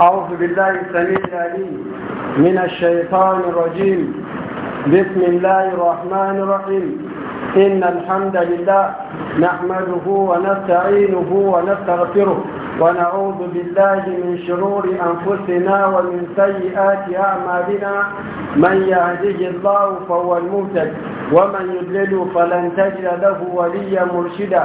أعوذ بالله السميع العليم من الشيطان الرجيم بسم الله الرحمن الرحيم إن الحمد لله نحمده ونستعينه ونستغفره ونعوذ بالله من شرور أنفسنا ومن سيئات أعمالنا من يهده الله فهو المهتد ومن يضلل فلن تجد له وليا مرشدا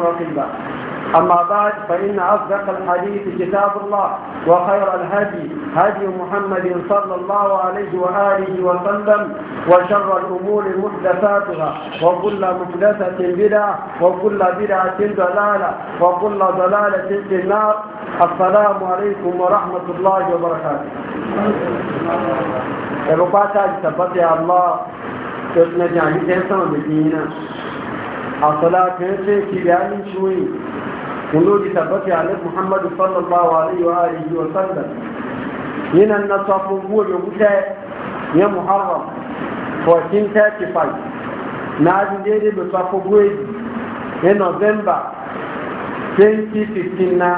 وقلة أما بعد فإن أصدق الحديث كتاب الله وخير الهدي هدي محمد صلى الله عليه وآله وسلم وشر الأمور محدثاتها وكل محدثة بدعة وكل بدعة ضلالة وكل ضلالة في النار السلام عليكم ورحمة الله وبركاته ربما تثبت الله تتنجعني تنسى مدينة a salatin ce ki bayanin ciwoyi ولودي تبتي على محمد صلى الله عليه وآله وسلم هنا النصف هو يقول يا محرم فوتين تاتي فاي نادي ديري بصف بويد هنا نوفمبر 2015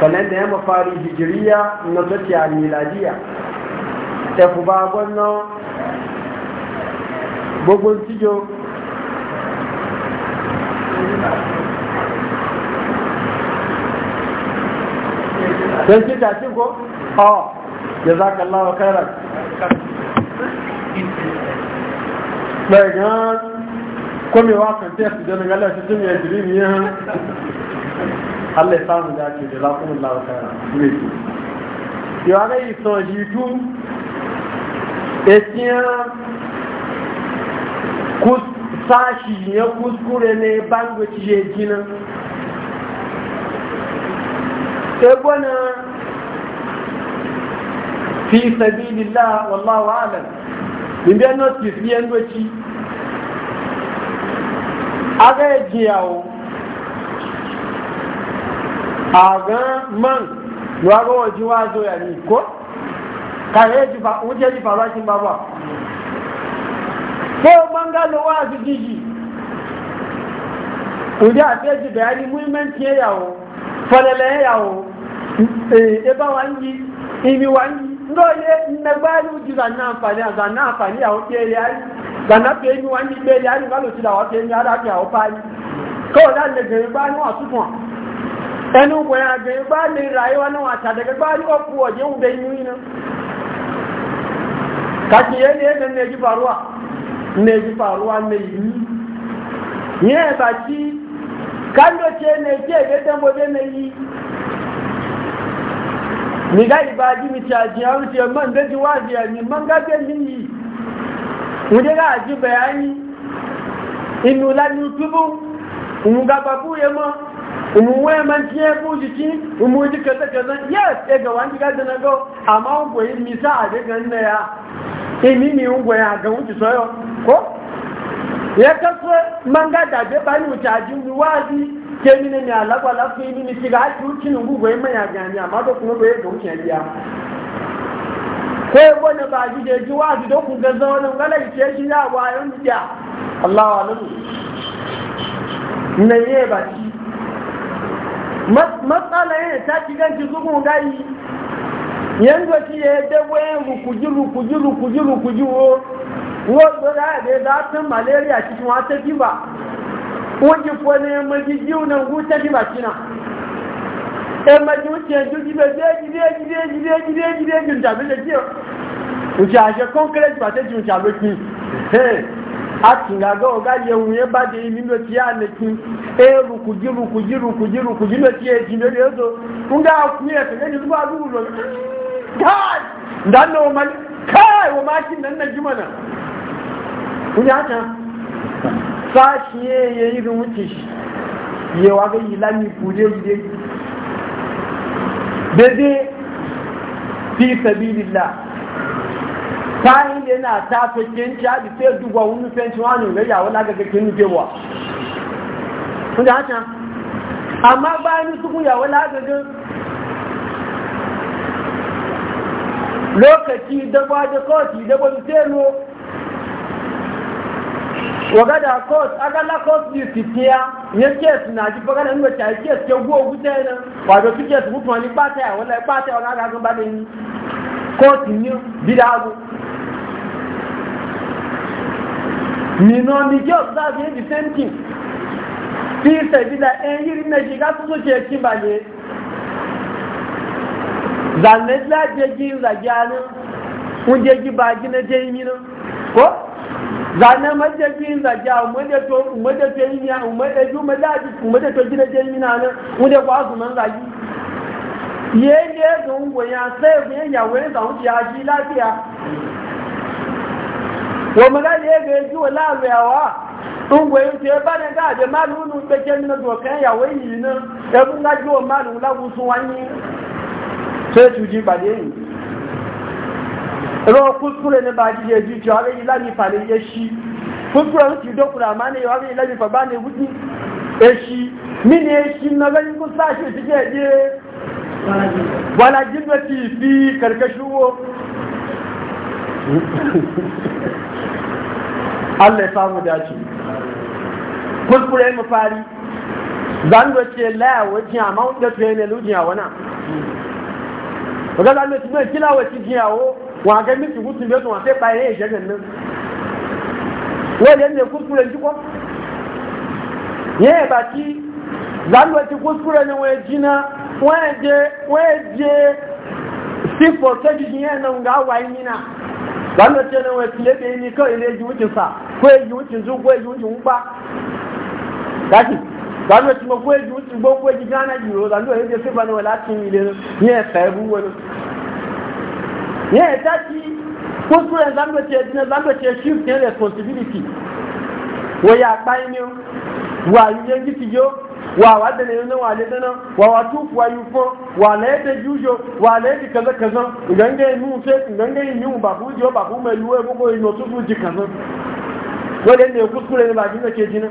kalenda ya mafari hijiriya na zoci a miladiya ta fi babon nan bugun tijo sai kika shi ko a jazakallahu khairan bai ga komewa kan tafi da nan Allah shi tun ya jiri ne Allah ya samu da ke jazakumullahu khairan sashi ya kuskure ne bangoci ya gina ebona fi sabilillah wallahu alam in biya notice biyan doci aga ya jiyawo aga man ruwa ga wajen wazo ya ni ko Ka yi ji fa, wuce ji faruwa shi ba ba sai banga da wazi gigi kudi a feji bayani muhimmanci ya yawo falala ya yawo eba wangi imi wangi dole na uji zanna n'afani a zanna amfani a hoke yari zanna pe imi wangi yari ga lokaci da wata imi ara ke hau fari kawai da le gari ba ni wasu tun ẹnu gbọ̀nyà na wata daga gbari ne ji faruwa ne yi ne baki kando ce ne ke da tambo da ne yi ni ga ibadi mi ta ji an ce man da ji wazi ya ni man ga ben ni yi mu de ga ji bayani inu la youtube mu ga babu ya ma mu waya man ji ya bu ji mu ji kaza kaza yes e ga wani ga da na go amma ko yi misa a daga nan ya èmi ni ń wẹ̀ àgàn òjì sọ́yọ́ kó yẹ kẹ́kọ́ manga dàgbé bá ní òjì àjú ní wáàbí ní alágbàlá fún inú ní ti ráàjì ó tì ní gbogbo ẹ̀mọ́ àgàn ní àmọ́dọ́kùn ló yẹ kòun kẹ́lí ya ko ya gwada ba a jije ji wa ji dokun ga zaunin gala ce shi ya wa yan jiya Allah wa lalu yi ba shi matsala yana ta ci ganci zugun yanzu ci ya yadda wayan rukuji rukuji rukuji rukuji wo wanda za a bai za ta malaria cikin wata fiba wani fone ya maji jiwu nan guta fiba cina ya maji wuce ya juji da zai gide gide gide gide gide gide da bai da jiyo wuce a shekon kare ba ta jiwu shalo ki a tunga ga oga yewun ya ba da imi lo tiya ne kin e rukuji rukuji rukuji rukuji lo tiya jinde da yazo kun ga ku ya kaga ni zuwa dubu lo kai da na wa kai wa makin nan na ji mana kun haka sashi ya yi irin wuce shi yawa ga ilami kuje gide daidai fi sabilillah kayan da yana ta fakin ci abi sai duba wani fenci wani ga wani lagaga kinu kewa kun haka amma bayan su kun yawon lagaga lokaci daba da kotu daba da teno waga da kot agala kot di sitiya kes na ji baga na nwa chai kes ke gwo gute na waga su kes mutu wani ya wala pata ya ga ga ni kot ni ni no ni jo da ti se na ji ga su ni zanen lajeji zagiyanin kunjeji baji na jeminin ko zanen majeji zagiya umade to yi ya umade ju madaji umade to gina jemina nan wunde kwa su man zagi yeye ga ungoya sai ku ya wani zaun ya ji lafiya wa magana ya ga ji wala lawa ungoya ce ba ne ga da malunu da jemina to kan ya wani nan ya kun ga ji wa malu la gusu wani sai cuji ba da yin ro kuskure ne ba ji ya ji cewa ga ilami fa ne ya shi kuskure ne do kula ma ne ya ga ilami fa ba ne gudu ya shi min ya shi sa shi je fi Allah ya samu dace kuskure mu fari zan ce la wajen amma wanda tsaye ne lujiya wana ọ̀gá ta ló ti gbé kíláwẹ̀ ti di àwọ̀ wọn àgẹ́ méjì kú tún bí ó tún wọn fẹ́ pa ẹ̀yẹ́ ìṣẹ́ nìyẹn wọ́n yẹ ní ekú kúrẹ́ ní kíkọ́ yẹ́ ẹ̀bà tí zanúwẹ̀ ti kú kúrẹ́ ni wọ́n jí náà wọ́n ẹ̀ jẹ́ sí fọ́ kẹ́jì yẹn náà ń gá wà ní náà zanúwẹ̀ tí wọ́n ti lé bẹ́ẹ̀ ní kọ́ ilé ìjì wúti fà kó èjì wúti zú kó èjì wúti ba, pa. báwo tí mo gbé e e e ju ti gbó gbé ju gánà jù lọ lànà èyí ṣe fẹ́fà náà láti mi lè ní ẹ̀fẹ́ ẹ̀bú wọn. ní ẹ̀dá tí ta tún ẹ̀ lánàá tí ẹ̀ dín náà lánàá tí ẹ̀ ṣí ìpín responsibility wọ́n yà yi ẹni o wà ayé ní ti yó wà wà dẹ̀lẹ̀ yóò náà wà lé dáná wà wà tún fún ayé fún wà lẹ́yìn tẹ̀ jù yó wà lẹ́yìn tẹ̀ kẹsẹ̀ kẹsẹ̀ ìgbẹ́ngẹ́ inú fẹ́ ìgbẹ́ngẹ́ inú bàbú jọ bàbú mẹ́lú ẹ̀ gbogbo ìnà tó fún ti kẹsẹ̀ wọ́n lé ní yi kúrẹ́ ní bàbí náà kejì náà.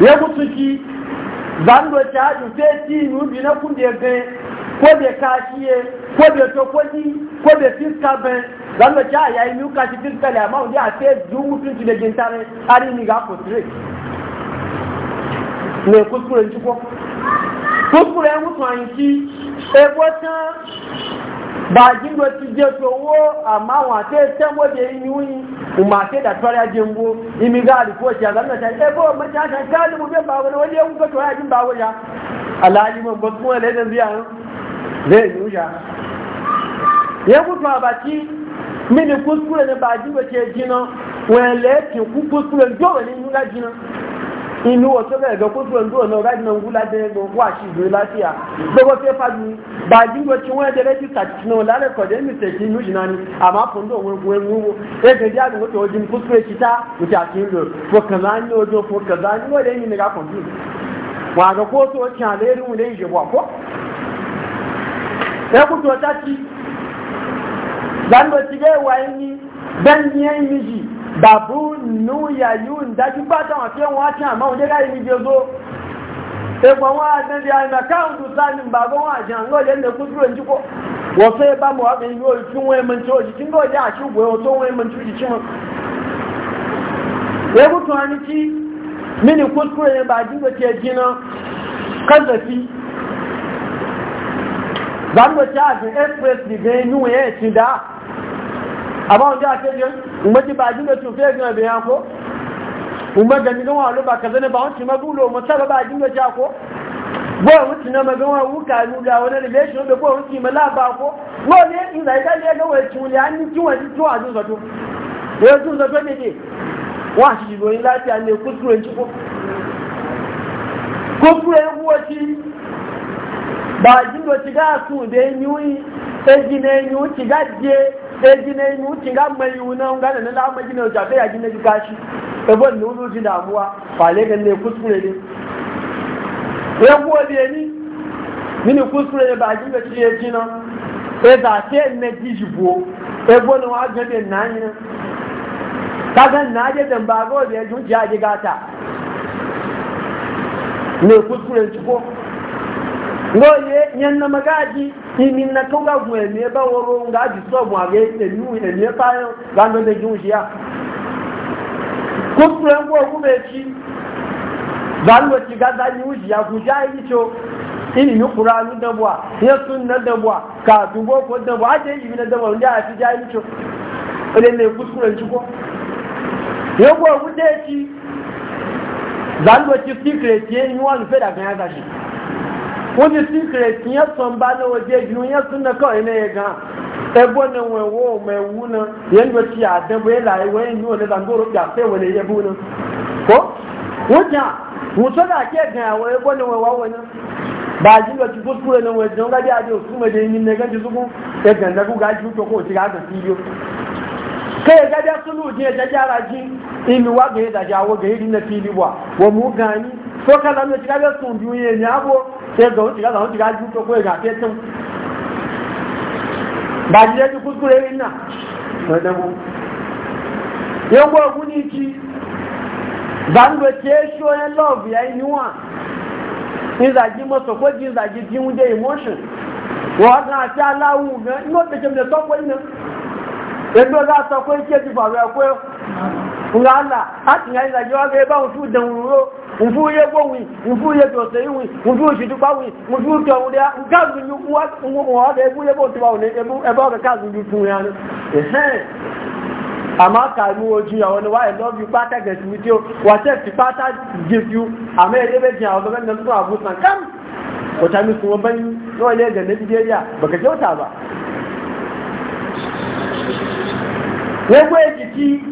ya mutu shi zan do ta ju te ti nu bi na kun de gan ko de ka shi ko de to ko ni ko de ti ka ben zan do ta ya ni ka shi ti ka la ma o ya te ju mutu ti de gen tare ari ni ga ko tre ne kuskure ni ko kuskure mutu an ki e bo tan bàjí ló ti jẹ́ tó owó àmọ́ àwọn àti ẹ̀tẹ́mọ́dé inú yìí ìmọ̀ àti ìdàtọ́rẹ́ ajéǹgbó imi gáàrí fún ọ̀sẹ̀ àgbà náà ṣe bó ọmọ ṣe àṣà káàlì mú bẹ́ẹ̀ báwọn wọ́n lé ẹ̀kú tó ráyà báwọn ya aláàjì mọ̀ bọ́ fún ẹlẹ́dẹ̀ bí àrùn bẹ́ẹ̀ ni ó ya. yẹn kú tún àbàtí mí ni kúskúrẹ́ ni bàjí ló ti jiná wọ́n lẹ́ẹ̀kì kú kúskúrẹ́ jọ́wọ́ ni ń ìlú ọ̀tọ́ bẹ̀rẹ̀ gan kó tó ń dúró náà ráìdì náà wú láti ẹgbẹ́ owó àti ìlú láfíà gbogbo fẹ́ fàájú bàdíngbò tí wọ́n ẹ̀dẹ̀ lẹ́jì tàkìtìnà lálẹ́ kọ̀dẹ̀ ní tẹ̀kì ìlú jìnnà ni àmà fòndó òun egun egun wo ẹgbẹ́ dí àdúgbò tó ojú ní kó tó èkì tá òtí àti ìlú fòkànlá ní ojú fòkànlá ní wọ́n lẹ́yìn nira kọ̀ǹtù wọn àgbà kó tó ti hàn lérí wọn lẹ́yìn ìjẹ̀bù àkọ́ ẹkùtù ọ̀tá ti lánàá ti gẹ́ wáyé ní bẹ́ẹ̀ ní ẹ̀yìn méjì bàbú nù yàyú ìdájú bá táwọn tí wọ́n ti àmọ́ òjẹ́ láì níbi ogó ẹgbọ̀n wọn àtẹ́lẹ̀ àìmọ̀ káàkùn sáàni bàbá wọn àti àwọn ọ̀lẹ́ ilẹ̀ kúrò ní jíkọ́ wọ́n fẹ́ bá mọ̀ ọ́gbìn yóò tún wọn ẹmọ tí ó jì tí ń gbọ́jà àti tó wọn ẹmọ tí ó jì a fi express nìgbẹ́ inú ẹ̀ ti àbá wọn jẹ́ àṣẹ́jẹ́ ìgbẹ́jì bá jílẹ̀ tún fẹ́ gan ẹ̀bẹ̀ yàn kó ìgbẹ́gẹ̀mí gan wọn ló bá kẹsẹ́ nípa wọn ti mẹ́gbù lò mọ́ sábà bá jílẹ̀ tí a kó bóòrùn ti náà mẹ́gbẹ́ wọn wú kàánú ga wọn ní relation bẹ bóòrùn ti mẹ́ láàbà kó wọ́n ní ìlà ìdájẹ́ ẹgbẹ́ wọn ti wùlẹ̀ á ní kí wọ́n ti tún àdún sọ tún èyí tún sọ pé dédé wọ́n àti ìròyìn láti àmì èkó kúrò ní kíkó kó kúrò ní wọ́n ti bàjílò ti gáàsùn ìdẹ́ ẹni ó ti gá jẹ́ eji na yi uci ga mai yiwu na nga da nila amma gina wuce ya gina ji kashi ebon na ulu ji damuwa fale ga ne kuskure ne ya kuwa biye ni mini kuskure ne ba gina ci ya ci na e za te ne ji ji buwo ebo na wa gabe na yi na kaga na je dan ba e ga wa biye ji wuce ya ji gata ne kuskure ci ko ngoye nyanna magaji imi natunga mweme ba woro ngaji so mwage enu enu payo gando de junjia kupre ngo kumechi gando tigaza nyujia kuja icho ini ni qur'anu da bwa ya sunna da bwa ka dubo ko da bwa je imi da bwa nda ati ja icho ele ne kuskure chiko yego wudechi gando ti secret ye nyuwa lufeda ganya sashi wọ́n ti sí kìrẹ̀tì yẹn sọ̀n bá lọ́wọ́ díẹ̀ jù yẹn sún náà kọ́ ẹ̀nà yẹn gan ẹgbọ́n náà wọ̀ ẹ̀wọ́ ọmọ ẹ̀wú náà yẹn ló ti àdẹ́bọ̀ yẹn láì wọ́n yẹn ní òde làǹgóró bú náà kó jà wọ́n sọ́dọ̀ ẹ̀gàn àwọn ẹgbọ́n náà wọ́n wọ́n wọ́n mú gan sai ga wuce gaza wuce gaji ko ya gafe tun ba ji yaji kuskure yin nan wadda mu yan gwa guni ki zan ga ke shoyan love ya yi niwa in zagi masa ko jin zagi jin wuje emotion wa na ta lawu ga ino da kem da sokwa ina yadda e za a sokwa ke ji faru ya koyo Allah a cikin wa ga ya e ba da wuro mfu ye gbowi mfu ye tose iwi mfu shitupa wi mfu ke ulia nkazu nyu wa wa de bu ye bo ti ba one ebu e ba ka kazu nyu tun ya ni ehe ama ka nu oju awon wa i love you pata get with you wa se ti pata give you ama e be jin awon ga ntu abu san kam ko ta mi sun ban no le ga Nigeria baka kyauta ba Wegwe jiki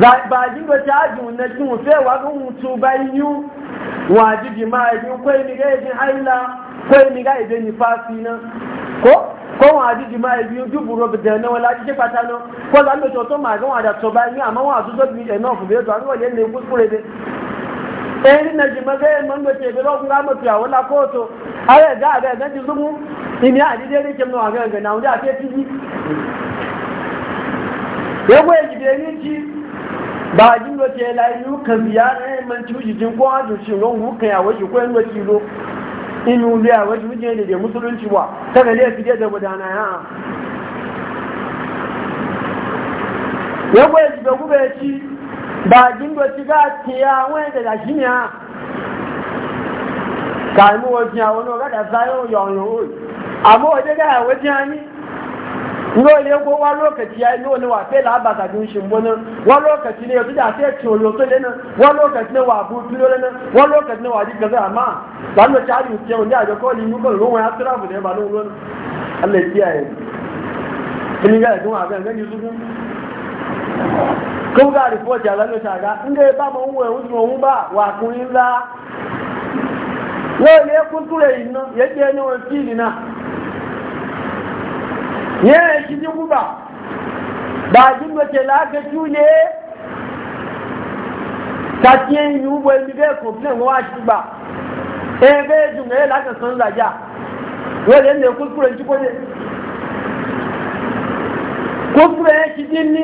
bàjí ló e ti ájù nẹ́jú fẹ́ wà ní ohun tó bá yíyú wọ́n àjíjì máa ẹ̀bí kó ìnigá e ìdí àìlá kó ìnigá ìdí ní fásí náà kó kó wọ́n àjíjì máa ẹ̀bí dúbù rọ̀bìtẹ̀ náà wọ́n láti ṣe pátá náà kó lálójọ tó máa gán àdà ne bá yíyú àmọ́ wọ́n àtúntò bí ẹ̀ náà fún bẹ́ẹ̀tọ̀ àríwọ̀ yẹn lè kú kúrẹ́dẹ́ ẹni nàìjí mọ́gẹ́ mọ́gbẹ́tẹ̀ ìbílẹ̀ ọkùnrin lámọ̀tì àwọn lakóòtò ààrẹ ẹ̀dá ààrẹ ẹ̀dá ti súnmú ìní àdídé ní kẹmọ́ àgẹ́gẹ̀ náà ọjọ́ àti ẹ̀tí yìí. ewé ìdìbò ni ji. ba jin wace ya layi ka ziyara ya eh, manci wujijin ko hajji shi ron hukan ya waje ko yin wace lo inu liya waje wujin da ke musulunci ba kada ne fiye da gudana ya ya kwaye shi bai gube ci ba jin wace ga ke ya wani daga shi ne ya kaimu wajen ya wani wadda sayo yawon yawon amma wajen ga wajen ya ni lóòlẹ́ kó wa lokaci ya ilé òní wà fẹ́ làbàtà tó ń ṣe mbọ́nà ne lókàtí ní ọdún àti ẹ̀tì olóòtó lẹ́nà wọ́n lókàtí ní ne wa dúró lẹ́nà wọ́n lókàtí ní wà jí gẹ́gẹ́ ya lánà tí a yìí tiẹ̀ òní àjọkọ́ ní ne ba lóhun asíràfù ní ẹ̀bà lóhun lónà alẹ́ tí a yẹ ẹni gẹ́gẹ́ tó wà bẹ́ẹ̀ ní yusufu kó gà rìpọ́tì àlánà ṣàgá ndé bá mọ òun ẹ̀hún sùn òun bá wà kùnrin ńlá lóòlẹ́ kúntúrẹ̀ yìí fili na. yẹ́ ṣí ní gúbà dájú mẹ́tẹ̀ lágbẹ́jú ní kàtí ẹ̀yìn ugbò ẹni bẹ́ẹ̀ kò fún ẹ̀wọ́n wá sí gbà ẹgbẹ́ ẹ̀dùn ẹ̀ látọ̀sán làjá wọ́n lè lè kúrò ní kúrò kúrò ẹ̀ ṣí dín ní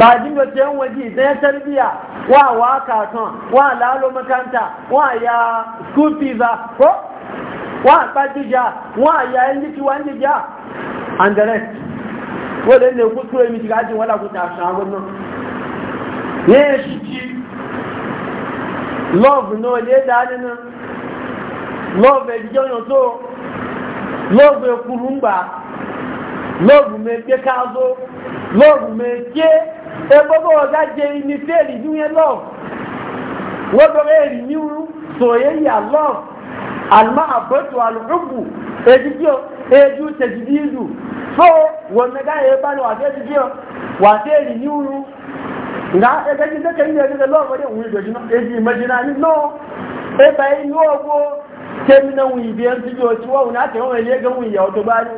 dájú mẹ́tẹ̀ ń wọ́n di ìsẹ́yẹ́ tẹ́lifíà wọ́n wa àkàtàn wọ́n àlàálò mẹ́kántà wa àyà skul fees wọ́n wa wọ́n àyà ẹni tí wọ́n ń and the rest wọ́n lè kúrò èmi ti gájì wọ́n lákòókò àṣà àwọn náà ní èṣì tí lọ́ọ̀bù náà lè dá nínú lọ́ọ̀bù ẹ̀jíjọ́ yàn tó lọ́ọ̀bù ẹkùrù ń gbà lọ́ọ̀bù mi gbé káàzó lọ́ọ̀bù mi gbé ẹgbọ́gbọ́ ọ̀gá jẹ ní fẹ́ẹ̀lì ní yẹn lọ́ọ̀bù wọ́n bẹ̀rẹ̀ èrì ní sòyẹ́yà lọ́ọ̀bù àlùmọ́ àbọ̀tò àlùkùnkù eju tẹ̀jìdìdù so wọn mẹ́ta yẹn bá ní wàá fẹ́ẹ́ jíjẹ́ wàá fẹ́ẹ́ rì ní uru nga ẹgbẹ́ jíjẹ́ kẹ́kẹ́ ní ẹgbẹ́ lọ́wọ́ dé òun ìdòjì náà èjì ìmọ̀jìnà ní náà ẹgbẹ́ inú ọgbọ́ tẹ́mínà wù ìbí ẹn tíjú ọtí wọ́n náà tẹ̀wọ́n ẹ̀lẹ́ ẹgbẹ́ wù ìyàwó tó bá ní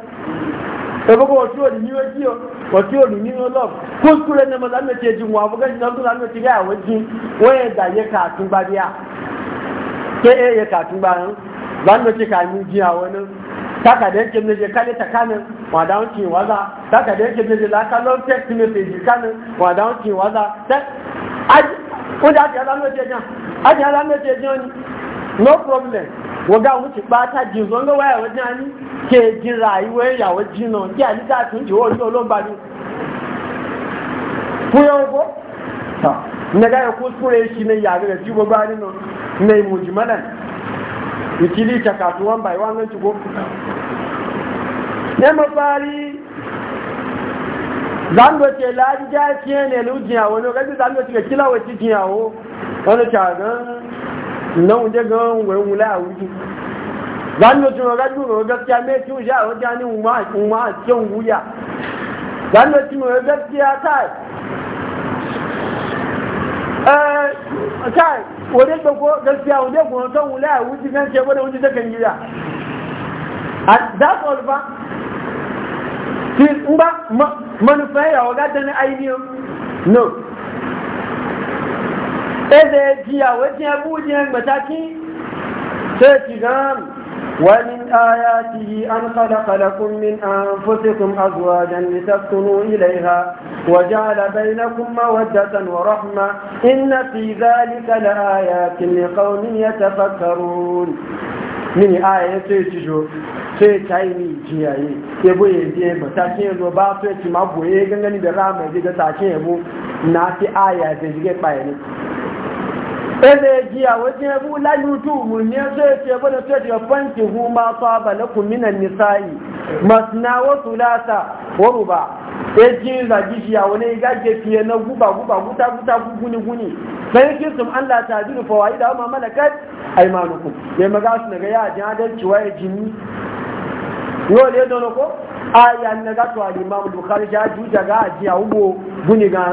ẹgbẹ́gbẹ́ ọtí òní ní ojú ọ ọtí òní ní ọlọ́ọ̀ kúskúrẹ́ ní ọmọdé àmì ẹ̀jì wọn àfọ́gẹ́ jìnnà tó lánà ti rí àwọn jí wọ́n yẹ dà yẹ kàtúgbà díà ké yẹ kàtúgbà lánà ti kà ní jí àwọn náà taka da yake mije kale ta kanin wa da wanke waza taka da yake mije la ka lon text message kanin wa da wanke waza ta aj ko da ta zama ce jan aj ya zama ce no problem wo ga wuce ba ta ji zo ga waya wajen ani ke ji rayuwa ya wajen no ki ani ta tun ji wo ni olon ba ni ku yo ta ne ga ku sure shi ne ya ga ji ba ni no ne mujimalan ìkílí ìkàkàtù wọn báyìí wọn lọ́n ti kó. ní mo bá rí zangote láàrídá tí ẹ̀ nẹ̀ ló jìn àwọn olóògbé tí zangote rẹ̀ kí láwọ̀ ti jìn àwọn wọn ló ṣàgán náà jẹ́ gan wẹ̀hún láàwùjú zangote wọn rẹ̀ dúró gaskiya méjì ń ṣe àwọn jáde ń wá àti ń wúyà zangote wọn gaskiya kai. wadda ta ko gaskiya wadda kuma son wula a wuce kan ce wadda wuce takan gida a dafa su alfa shi ba manufa ya waga ta na ainihin no ɗaya da ya jiya wajen ya matakin sai ci Wani آياته أن خلق kala من أنفسكم أزواجا لتسكنوا إليها وجعل بينكم مودة ورحمة إن في ذلك لآيات لقوم يتفكرون من آية تشجو sai tayi ni jiyaye ke buye jiye ba ta ce zo ba su yake da ramar jiga aya da jiga ene giya wajen bu la yutubu ne sai ce bane sai ce fanki hu ma saba na kuminan nisa'i masna wa thulatha wa ruba e jin za jiya wani fiye na guba guba guta guta guni guni sai ki sun Allah ta jinu fawaida wa malakat aymanukum ya maga su daga ya jin adalci waye jini Yau le dono ko aya na ga to al imam bukhari ja juja ga ajiya ubo guni ga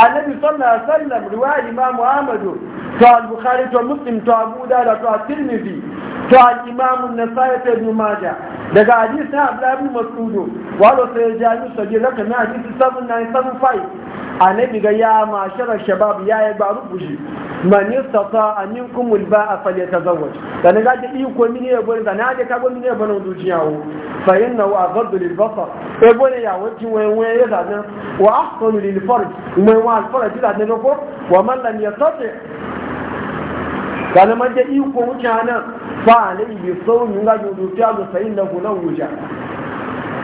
annabi sallallahu alaihi wasallam riwaya imam ahmad to al-bukhari to muslim to abu dawud to tirmidhi to al-imam an-nasai to ibn majah daga hadisi abdullah ibn mas'ud wa lo sai jami'u sajid rakam hadisi 7975 annabi ga ya mashara shabab ya yi ba rubushi man yi a yastata an minkum alba'a falyatazawwaj dan ga da iko mini ya bone dan ga ka mini ya bone dukiya wo fa innahu aghaddu lilbasar e bone ya wajin wayan waya ya zanen wa ahsanu lilfarj mai wa alfarj da dan ko wa man lam yastati dan ma da iko nan, fa alai bi sawmi ga a da sayin da kulan wuja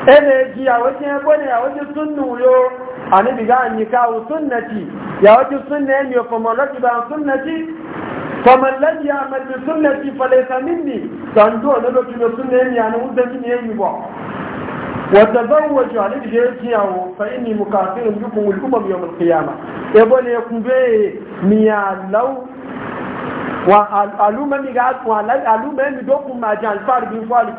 ene ji a ya wajin bone ya wajin sunnu yo annabi ga an nikahu sunnati ya waji sunna yami fa man ba sunnati fa man lam ya'mal sunnati falaysa minni dan do na do tuna sunna yami an wanda mini yami ba wa tazawwaju annabi ga yake yawo fa inni mukafirun bikum wal umam yawm al qiyamah e bone kumbe miya law wa alumami ga alumami dokuma jan far bin fal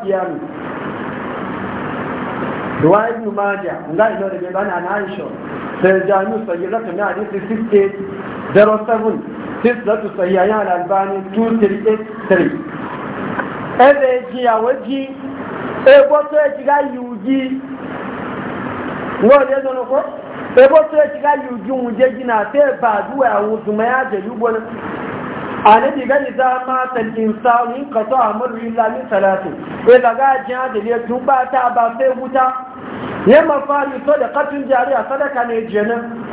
ruwa ibn maja nga ilo da bai na aisha sai jami'u sayyida ta na hadisi 68 07 sislatu sayyayan al-albani 2383 ebe ji awoji ebo to e ti ga yuji ngo de do ko ebo to e ti ga yuji un je ji na te ba duwa e ya je lugo na anabi ga idza mata al-insan in qata amru illa min salatin ko e da ga ji ha de tun ba ta ba sai wuta yamma da katin jariya sadaka ne jenan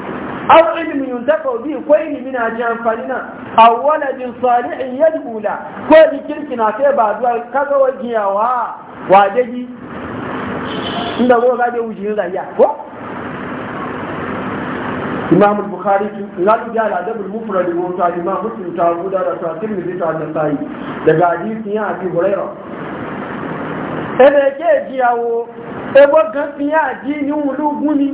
aw ilmin yuntafa bi ko ilmin na ji amfani na aw waladin salihin yadula ko dikirki na sai ba zuwa kaga wajiyawa wajeji inda go ga da wujin rayya ko imam al-bukhari lalu ya da dabul mufrad wa ta imam muslim ta abu da ta tirmidhi da nasai daga hadisi ya fi hurairah sai da yake jiyawo ebo gaskiya addini wulugu ne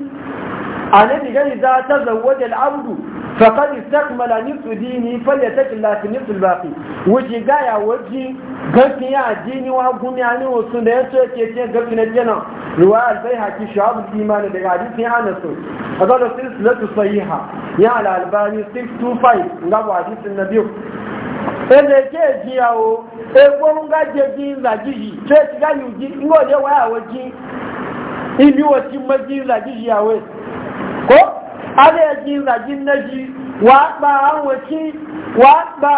annabi gani za ta zawaje al'abdu faqad istakmala nisu dini falyatakilla fi nisu baqi wuce gaya waji gaskiya addini wa gumi ani wasu da so ke ce gafi na jana ruwa albai haki shabu imani daga hadisi ya hana so azal sayi ha, ya ala albani 625 ngabo hadisin nabiyu sai da ke jiyawo E ga jeji lajiji sai ti ga yuji ngo je wa awoji ibi wo ti maji lajiji awe ko ale ji laji naji wa ba awoji wa ba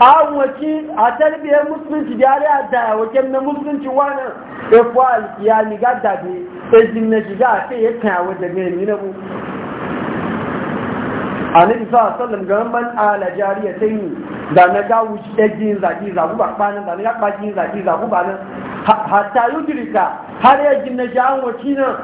awoji a tarbiyyar e musulunci da ya da wajen na musulunci wani e efo ya ni ga dabe ejin naji ga sai ya kan awo da mai ni mu annabi sallallahu alaihi wasallam ga man ala Da na ga wuce ɗaji zaki zaku ba ɓanin zane ga ɓaji zaki zaku ba nan hatta yudrika har ya gina ji an waci nan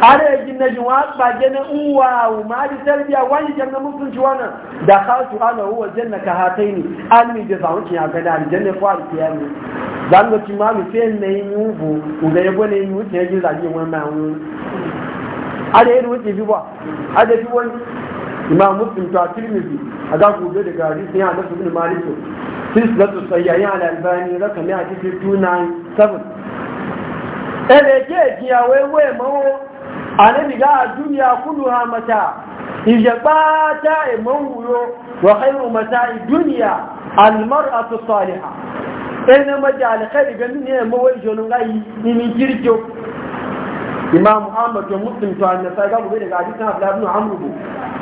har ya na ji wa ɓage na uwa ma ji tarbiya wani jan na mutunci wannan da kasu ana huwa janna ka hatai ne an mi da zamu ci ya gada ni janna ko alki ya ne zan ga ci ma mi fe ne yi ubu uga ya gone yi wuce ya ji zaki wannan ma wu ada yi wuce bi ba ada bi wani imam muslim to Tirmizi, a da ga gobe daga hadisi ya da ibn malik silsilatu sayyahin al albani rakam ya ji 297 ele ke ji awe we mo anabi ga duniya kulluha mata ije ta e mawuro wa khairu mata duniya Almar dunya al mar'atu salihah ene majal khairi ga ne mo wai jonun ga yi ni kirjo imam ahmad to muslim to annasa ga gobe daga hadisi abdullah ibn amr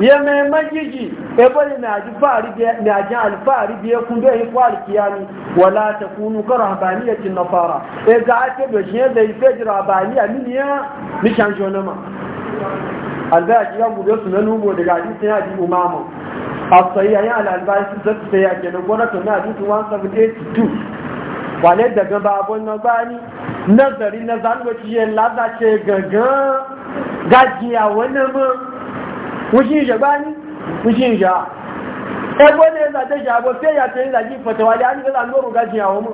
E e ya mai majiji ya bari na ji alfahari biya kun doyi fahari kiyami wala ta kunu kan cin na fara ya ga ake da shi yadda ya fi rahabaniya miliya nishan jonama albayaci ya gudu su na nubo daga hadisi ya ji umama a tsayiya ya al'albayaci zai tsaye a kenan gwamnati na hadisi 1782 wale daga babon na bani nazari na zanwaci yin lazace gangan gajiya wani mun wujinja bani wujinja ẹgbẹ́ ní ẹ̀zà tẹ́jà àgbọ̀ tí ẹ̀yà tẹ́yìn ìlàjí ìfọ̀tẹ̀wàlẹ̀ ánìyàn lóòrùn gájì àwọn ọmọ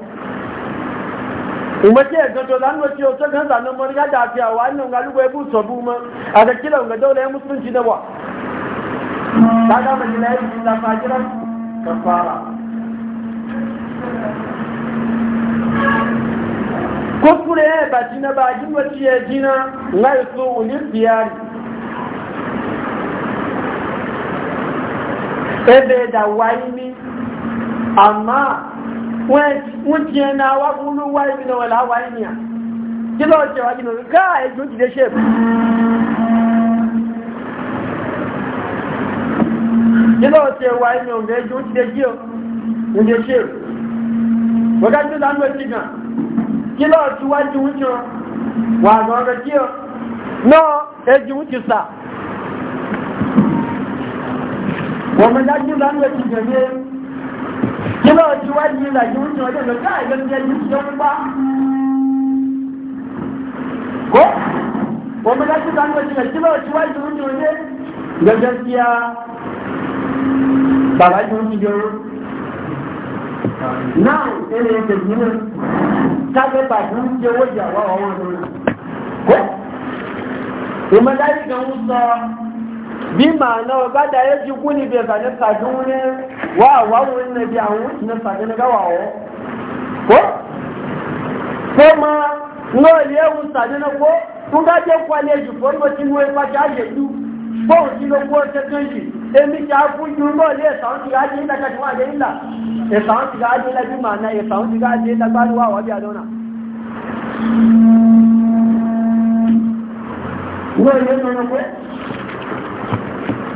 umarci ya zato da hannu ta kan zanen mani ya dafiya wa annan ga lugu ya bu ma a ga kila e ga daula e e ya musulunci da wa ta ga mai na yi ta ka fara kuskure ya baci na bajin wacce ya jina na yi so ulil ebe da waimi amma wuce na wa bulu waimi na wala waimiya kila wace wa gina ka a yi joki da shef kila wace waimi wa ga yi joki da giyo wunde shef waka ji lanuwa cikin kila wace waje wuce wa ga waka giyo no eji wuce sa 我们家就三个亲戚，一个九万几的，一个九万几的，再一个亲戚一万八。我，我们家就三个亲戚，一个九万几的，一个亲戚啊，八万九千九。那现在亲戚呢？那个八万九千九，我养了我多年了。我，们家一个公司。bí màá náà bá dayé ju kú níbi ìbàdí pàdé wọn ní wà wà wọn níbi àwọn ìṣúná pàdé nígbà wà wọ. kó kó máa ń lọ ewu pàdé náà kó tó bá jẹ́ kwalé jù fún ọmọ tí wọ́n ipa tí a yẹ jù fóun tí ló kó ṣe tó yìí èmi tí a fún ju náà lé ẹ̀sán ti rájé ńlá wọ́n àjẹ́ ẹ̀sán ti rájé màá ẹ̀sán ti rájé wọ́n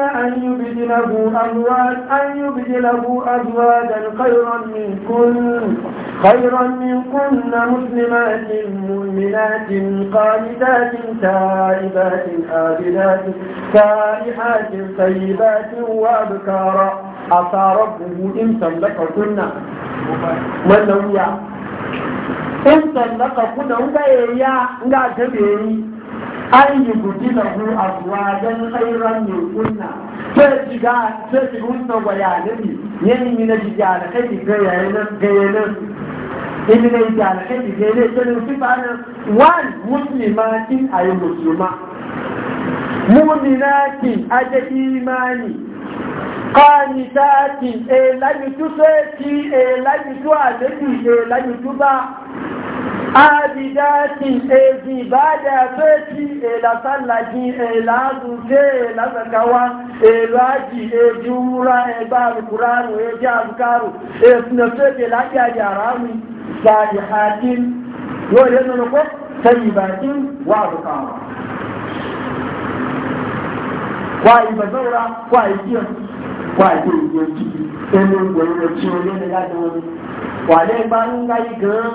أن يبدله أزواج أن يبدله أزواجا خيرا منكن خيرا منكن مسلمات مؤمنات قانتات تائبات آبدات سائحات طيبات وأبكارا عصى ربه إن سلككن من لو يا إن سلككن وبيا لا تبيني an yi guji da hu a kuwa don tsairan ne kunna sai shiga sai shiga wunta gwaya na bi yanin mina ji ga da kai ga yayin ga yayin ibi na ji ala kai ga yayin sai su ba na wan muslima in ayi muslima mu'minati aje imani qanitati e la yutu sai ti e la yutu aje ti e la yutu ba abidatin ezi bada feti ela sallaki ela azuke ela zakawa ela aji eji umura eba alukuranu eji alukaru esuna feti ela aji aji arami salihatin yau da nuna ko sayyibatin wa alukaru kwa yi bazaura kwa yi biyan kwa yi biyan ciki ɗan ne gwayar ciwo ne da ya wani wa ne ba nga yi gan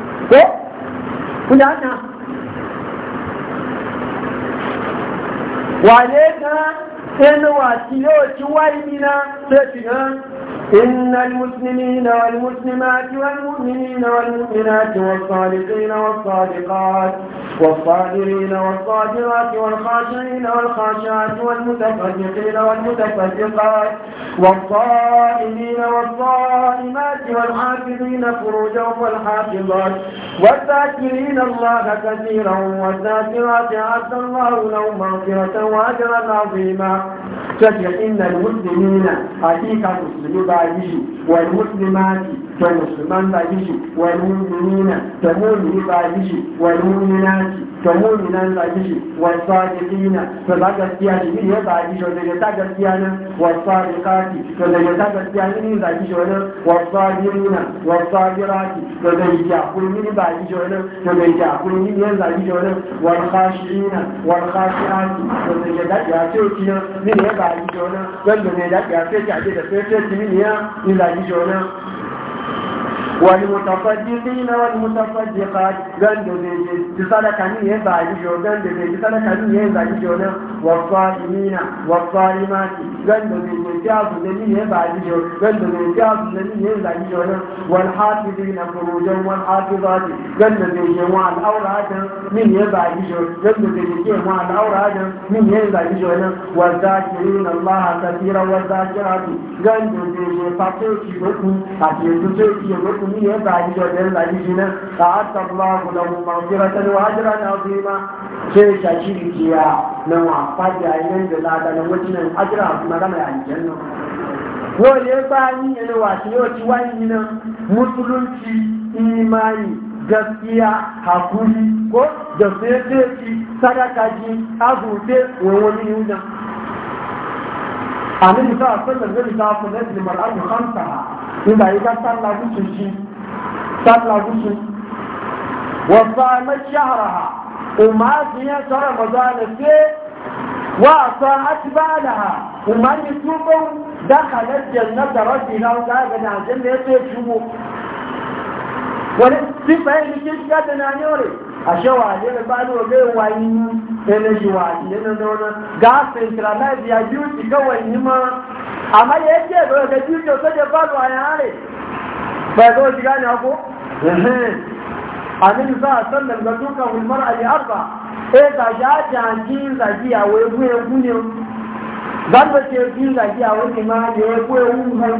ko kuna haka wale ka ẹnu àti yóò ti wáyé nínú fi إن المسلمين والمسلمات والمؤمنين والمؤمنات والصادقين والصادقات والصابرين والصابرات والخاشعين والخاشعات والمتصدقين والمتصدقات والصائمين والصائمات والحافظين فروجهم والحافظات والذاكرين الله كثيرا والذاكرات عز الله لهم مغفرة وأجرا عظيما فإن المسلمين حقيقة المسلمين yi والمسلمات كمسلمان باجيشي والمؤمنين كمؤمن باجيشي والمؤمنات كمؤمنان باجيشي والصادقين فلا تستياني من هي باجيشي وزيجتا تستيانا والصادقات وزيجتا تستياني من باجيشي ونا والصابرين والصابرات وزيجتا كل من باجيشي ونا وزيجتا كل من هي باجيشي ونا والخاشعين والخاشعات وزيجتا ياسوكينا من هي باجيشي ونا وزيجتا ياسوكينا من هي باجيشي níjọ náà والمتصدقين والمتصدقات غندو تصالة كمية بعجيجو غندو تصالة كمية بعجيجو والصائمين والصائمات غندو بيجي جابو دمية بعجيجو غندو بيجي جابو والحافظين فروجا والحافظات غندو بيجي وعن من يبعجيجو غندو بيجي وعن من يبعجيجو والذاكرين الله كثيرا والذاكرات غندو بيجي فاتوكي بكم أتيتوكي بكم ni ya ba ni wajen laliji nan ta hatta Allah na mu ni wa ajira na azima sai ta shiri ya? na wa fadi a yayin da lada na wajen ajira magana ya aljanna ko ne ba ni ne wa ti yo ti wani nan musulunci imani gaskiya hakuri ko da sai ce sadaka ji abu te wani ne عليه الصلاة والسلام غير صلاة الناس لمرأة خمسها إذا إذا صلى لابس الشيء صلى لابس وصامت شهرها وما فيها ترى رمضان وأصاحت بالها ومن يتوبوا دخلت جنة ربي لا وقال أنا عجل لا يتوبوا ولكن في فهي لكي شكاة نانيوري أشوى عليه البعض وقال وعينوا energy wa yana da wani ga centralize ya biyu ki kawai ni ma amma ya yake da ga biyu ke sai da falo a yare ba zo ki gane ko annabi sa sallan ga duka wal mar'a li arba eh ga ja janji zagi ya wai buye gune zan ke ce bi zagi ya wai ma ya wai buye gune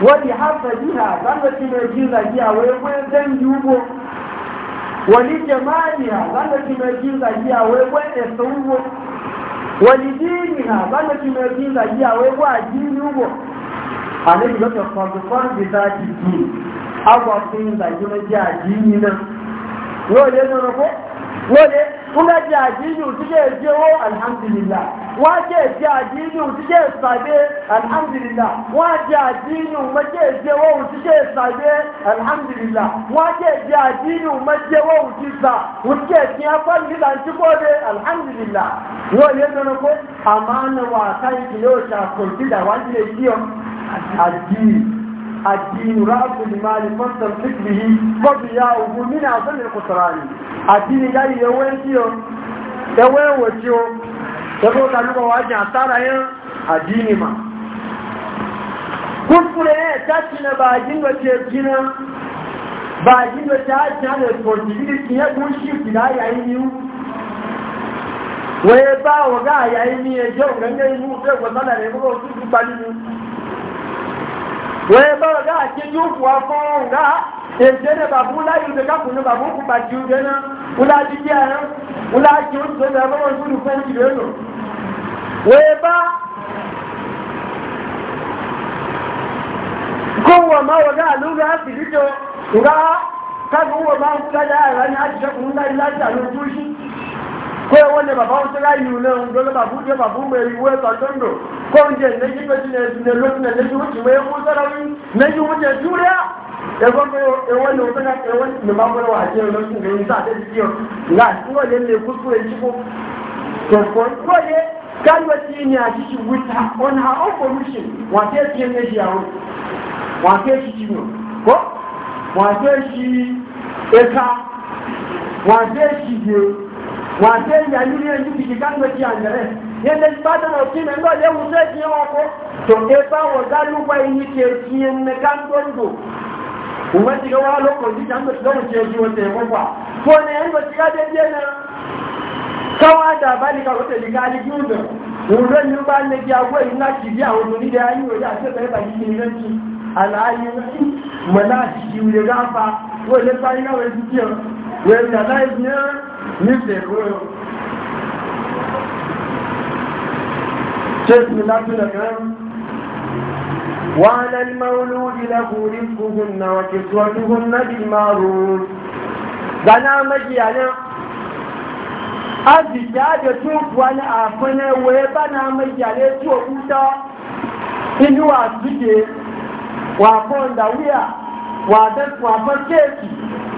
wani hafa jiha zan ke ce bi zagi ya wai buye dan yubo wani jamaniya zaka ci mai jin zagiya wai kwa esunwo wani diniya zaka ci mai jin zagiya wai kwa addini ugo alaihi zaka fagufan bi zaki ji agwa sun zagi na ji addini nan wale ne ko wale kuma ji addini su ke jewo alhamdulillah wa ke ji addini su ke sabe alhamdulillah wa ji addini ma ke jewo su ke sabe alhamdulillah wa ke ji addini ma jewo su sa wuce ki afan gidan ci gode alhamdulillah yo ne don ko amana wa kai ki yo ta ko ki da wani ne kiyo addini addini ra'sul mali fasal fikrihi fa biya ubu min asal àti nígbà ìyẹwé sí o ẹwé ẹwẹ̀ tí o tẹ́kọ́ kàlùkọ̀ wá jẹ́ àtàrà yẹn àdínì mà kúrkúrẹ́ yẹn tàbí na bá bá àjínlọ a jẹ́ àlẹ́ pọ̀tìlì tí yẹ kún wọ́n yẹ ọ̀gá àyà ìní ẹjọ́ òǹgẹ́gẹ́ ni ọ̀gá èjé ní bàbá wúlá yìí lè kápò ní bàbá òkú bàjì òjé náà wúlá jíjí àná wúlá jí ó tó ní abọ́wọ́ ìlú fún ìlú èlò. wèé bá kówó máa wọ̀ dáa lórí àfìlí jọ ìgbà kágbówó máa ń kájà àrà ní àjíṣẹ́kù ńlá ilá ìjà lójú sí. kó ewé ní bàbá òjé láyé ìlú náà ń dọ́lé bàbá òjé bàbá òmè ìwé tọ́jọ́ndò kó oúnjẹ ìlẹ́jì méjì ní ẹ̀sìn ẹgbọ́n pé ewé ni òfin láti ewé ni bá wà jẹ́ olóṣù ní ìta àti ìdí ọ̀ ńlá tí wọ́n lè lè kú fún èyí fún tọ̀pọ̀ wọ́n yẹ káyọ̀ tí ní àṣìṣe wíta on her own pollution wọ́n ti ṣe ń ṣe àwọn wọ́n ti ṣe ti nù kó wọ́n ti ṣe ẹ̀ka wọ́n ti ṣe ìdè wọ́n ti ṣe ìyá nílé ẹni kìkì káyọ̀ tí àyẹ̀rẹ̀ yẹn lè bá dáná sí mi ńlọ yẹ wù sẹ́ẹ̀tì ọkọ̀ tó ẹ̀fà wọ̀ dálúgbà yìí ti ẹ̀ wọ́n ti gọ́wọ́ lọ́kọ̀ jíjà ń tọ́jú lọ́rùn tí ó jí wọ́n tẹ̀ wọ́n wà fún ọ̀nà ẹ̀yìn bọ̀tí gájẹ́ díẹ̀ náà káwọn àdà bá ní kàwọ́ tẹ̀lé ká ní gúúdọ̀ òun ló ní bá lè di agbó ìlú láti bí àwọn onídẹ̀ ayé òjò àti ẹ̀bẹ̀rẹ̀ bàjí ní ilé tí àlàáyé mọ̀lá àti ìwúlé gáfà wọ́n lè parí káwọ́ ẹ̀sùn tí وعلى المولود له رزقهن وكسوتهن بالمعروف dana magiyanin arzika da tuku wani afina waye bana magiyane tuwa kuta inuwa suke wafon da wuya wafon keki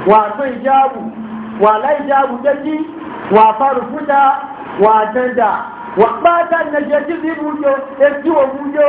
wafon jabu walai jabu daki wafon rufuta watan da wabatan na jeji zibujo ya e ciwo gujo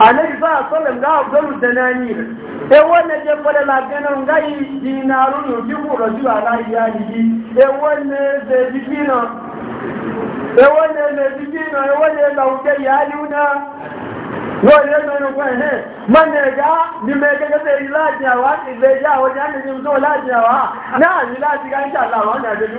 annabi sa sallam ga abdul danani e wonne je fole la ganan gai dinaru no jibu rajul ala yadi e wonne ze dipino e wonne e e me dipino e wonne la uke yaliuna wọ́n yẹ́ mẹ́rin fún ẹ̀hẹ́ mọ́nẹ̀gá ní mẹ́gẹ́gẹ́gẹ́ ìlàjì àwá ìgbẹ̀já àwọn jẹ́ àmì ìjọ láti àwá náà ní láti ká ń ṣàlàwọ́ ọ̀nà àjẹ́jú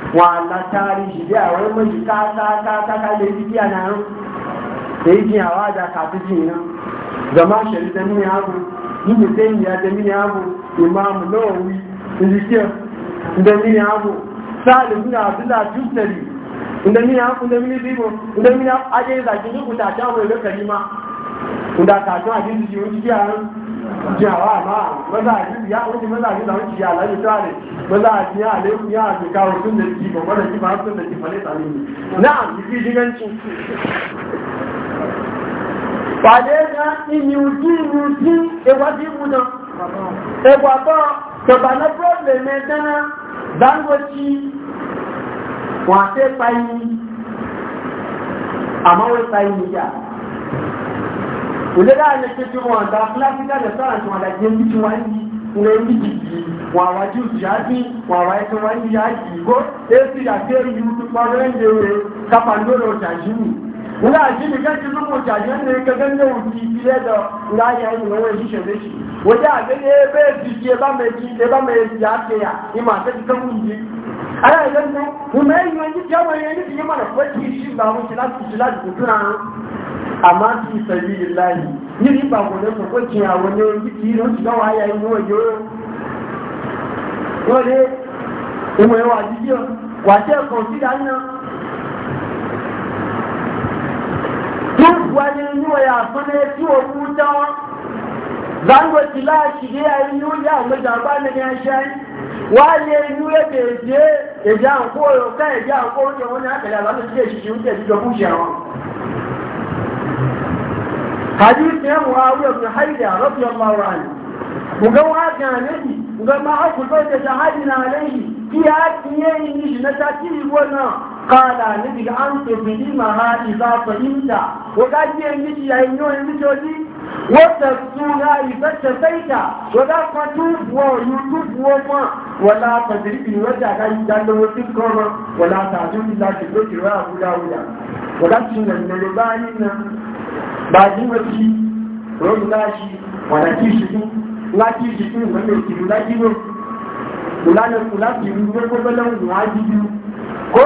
wọn látàrí ìṣìdí àwọn ọmọ yìí káàkáàkáà lè fi díà náà èyí fi àwọn àjà kàtíjì iná zama ṣẹlẹ tẹmí ní ààbò níbi tẹyìn ìyá tẹmí ní ààbò ìmáàmù náà wí ìdíkíọ ndẹmí ní ààbò sáàlì fún àbúlà jùsẹlì ndẹmí ní ààbò ndẹmí ní bíbọ ndẹmí ní ajé ìdàjì ní kùtà àwọn èlò kẹlí ma kùtà àti ìdíjì oúnjẹ àrùn jẹ àwọn àmà maza ya alaikun ya ake kawo sun da ki babban da ki ba sun da ki fare tsani ne na'am yi fi shiganci pàdé na ìní ojú ìlú tí ewádìí mú náà ẹgbàgbọ́ tọ̀bàná bọ́ọ̀lù mẹ́tẹ́ná dáńgọ́tì wọ́n àti pa ìní àmọ́ wọ́n pa ìní yá òlẹ́dá àyẹ̀kẹ́ tí wọ́n àgbà fúláfíkà lẹ́sọ̀rọ̀ àti wọ́n àdàjẹ́ ń bí tí wọ́n ń yí lórí ìdí wàwà jù jáde wàwà ẹ̀tọ́ wá ní yáàjì ìgbó èsì àti èyí ti pọ̀rọ̀ ẹ̀lẹ́ rẹ̀ kápá lórí ọjà yìí nígbà tí mi kẹ́ ti ló mọ̀ ọjà yìí ní gẹ́gẹ́ ní òun ti fi lẹ́dọ̀ láyé ẹ̀yìn lọ́wọ́ èyí wọ́n jẹ́ àgbẹ̀yẹ bẹ́ẹ̀ ti di ẹbá mẹ́jì ẹbá mẹ́jì àti ẹ̀yà ìmọ̀ ara idan nan kuma yin yanzu jama yanzu da yamma da kwaci shi ba mu shi lafi shi lafi kudura amma fi sabi lillahi yin ba ku ne ku kwaci ya wani yanzu ki yi don shiga waya yi waje wani kuma yawa jijiyo kwace kwanci da hannun duk wani yi wa ya fana ya ciwo kutawa zango tila shige ya yi yi wa ya mu jaba wàá lé inú èdè èdè èdè àǹkó ọ̀ká èdè àǹkó oúnjẹ wọn ní àtẹ̀lé àbámi sí èṣìṣì oúnjẹ ìjọ fún ìṣẹ̀ wọn. ya muawiya bin haida radiyallahu anhu muga wa ga nabi muga ma aku na alayhi ki ya tiye ni na ta ki wona qala nabi ha iza fahimta wa ga ki ni ya wata suna ifata saita wata kwatu wa youtube wa ma wala ka jirgin wata ka yi dandan wasu wala ka da ke doke wa wuya wuya wala ci na nare bayan nan ba ji wasi rogu wala ci shi kun na ci shi kun wanda ke lula gino kula na kula ke lura gobalan wajibi ko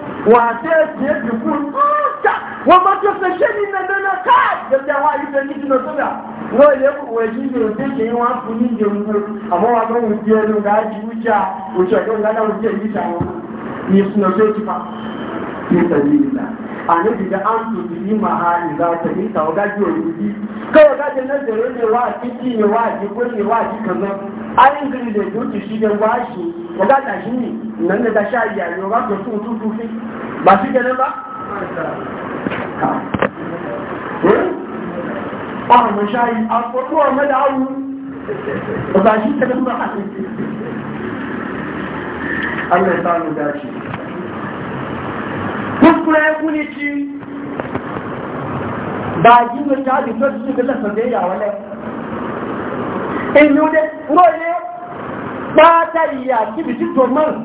wàtẹ́ẹ̀tì ẹ̀dùkú ọ̀ọ́ta wọ́n bá tó fẹ́ ṣé ní nàdánà káà jẹjẹ wá yìí fẹ́ ní jìnnà sódà lọ́ọ̀ ilé wọ̀ ẹ̀jú ìdè òde ṣe ń wá fún ní ìdè òde àmọ́ wà ló ń di ẹnu ńlá ju ìjà òṣèlú ńlá náà ń di èyí ìjà wọn ní ìsúná tó ti fa ní ìtẹ̀lé annabi da an tutuli mahali za ta yi ta waga ji wani kai waga ji nan da rene wa kiki ne wa ji ne wa ji kaza an yi gari da dutu shi da washi waga ta shi ne nan da ta sha iya yi waga ta su tutu fi ba shi kenan ba eh? ba mu shayi a kwakwa mada awu ba shi kenan ba Allah ya samu dace kuskure ya kuni ci ba ji mai ta ji to su ga lafa da yawa ne in yi ne roye ba ta iya ki bi to man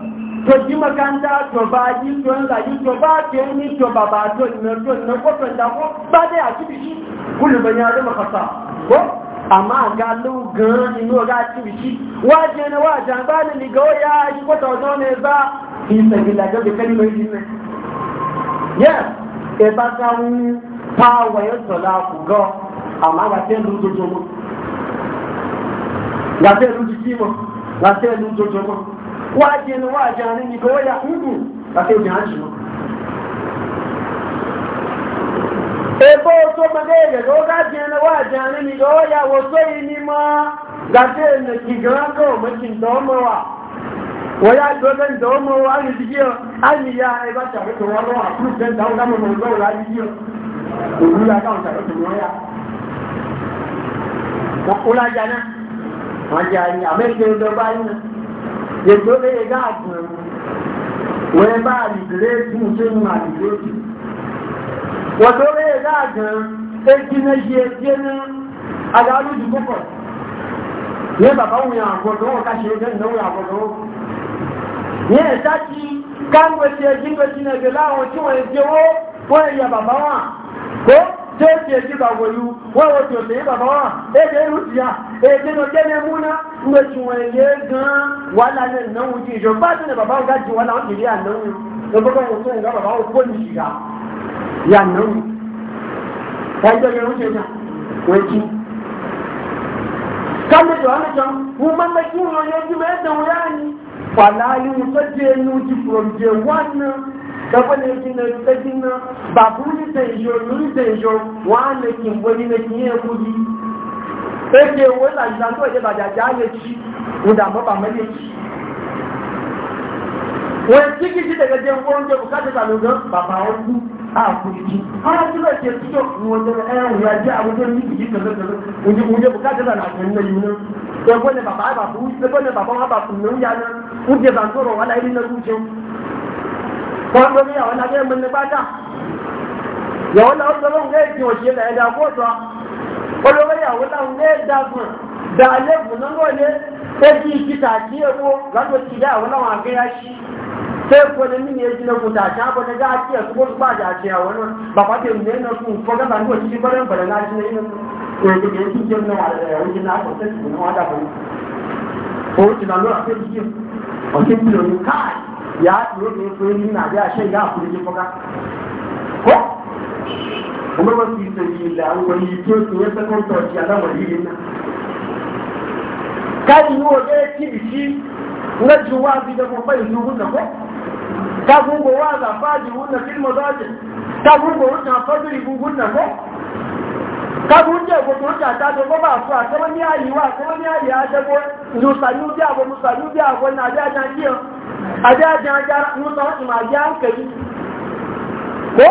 to ji makanta to ba ji to la ji to ba ke ni to ba ba to ni to na ko to da ko ba da ya ki bi shi kullu ban ya zama kasa ko gan inu ga ki bi shi waje na waje ba ni ga ya ji ko to yes eba ka ń pa wẹ̀yẹ sọ̀lá àkùgọ́ àmọ́ àgàtẹ́ ìlú dojúmọ́ gàtẹ́ ìlú jíjí mọ́ gàtẹ́ ìlú dojúmọ́ wá jẹ́ ni wá jẹ́ àní nìkan wọ́n yà ń gùn gàtẹ́ ìjì hàn jù mọ́. ebo tó mọ́tò èdè wọ́yá ìgbẹ́gbẹ́ ìjọwọ́ mọ́ àrìdíyàn àìyíyá ẹgbà ṣàrẹ́tọ̀ wọn lọ́wọ́ àpúrùfẹ́ ìdáwọn dámọ̀mọ̀ ìgbọ́wọ̀ láyíyàn òun lágbàwọn ṣàrẹ́tọ̀ wọn yá ó lájá náà wọ́n jẹ́ àyè àmẹ́ṣẹ́ ìdọ́gbá yìí ètò ó léyè gáàgùn wọ́n bá àdìgbèrè fún un sínú àdìgbèrè wọ́n tó léyè gáàgùn éjì náà ṣe ẹjẹ́ náà adáwọ̀ ìdúgbò pọ̀ ní bàbá òun yàn àgbọ̀dọ̀ wọn ká ṣe ẹgbẹ́ ìnáwó àgbọ̀dọ̀ wọn 你啥鸡？干过些，听过些那个拉网去问地哦，我也要帮忙啊。对，这些鸡干我有，我也去谁帮忙啊？哎，哎，有路啊？哎，这个见面不能，我去问一个，我那那木鸡，就把那个把那个我往哪里？要能有，那不管我弄个那把我你去啊？要能，他叫刘先生，我听。干的主要讲，我们那听，我年纪没到年龄。falali musaje nuji from day one dabane kina kina ba kuni tenjo nuri tenjo wane kimboni ne kiye kudi eke wela janto je bajaja ye chi uda mo ba mele chi we tiki ti daga je won je bukata ta lugo baba o ku a ku ti ara ti ba je ti to won je eh ya je awu je ni ti ka ka ka unje unje bukata ta na ko ne yuna 在过年爸爸把土，在过年爸爸把土农家的屋顶上做了，我来领了木锹。我问你，我那天没得刮痧，要老子弄点胶起来的。我说，我说我要我当俺家村，咱也不能说你再自己攒钱不，那就现在我拿瓦给他砌。sai ko da min yaji na guta ta ba da ga ciya ko ba da ciya wani ba fa ke ne na su ko ga ba ko shi ba ran na shi ne ne ke ke shi ke na wa da ya wuce na ko sai ku na da ko ko ti na lo ke shi o ke bi lo ka ya ti ne ko ni na da shi ga ku ji ko ga ko kuma ba su yi sai da an wani ke su ya sako to shi ala wani ne kadi wo ke ti shi na juwa bi da ko fa yi ko ta gugu wa za faji hunna fil mazaji ta gugu hunna fadri gugun na ko ta gugu ko to ta ta to ba su a kuma ni ayi wa kuma ni ayi a ta go nu sanu bi ago nu sanu bi ago na da da ji a da da da nu ta ma ja kai ko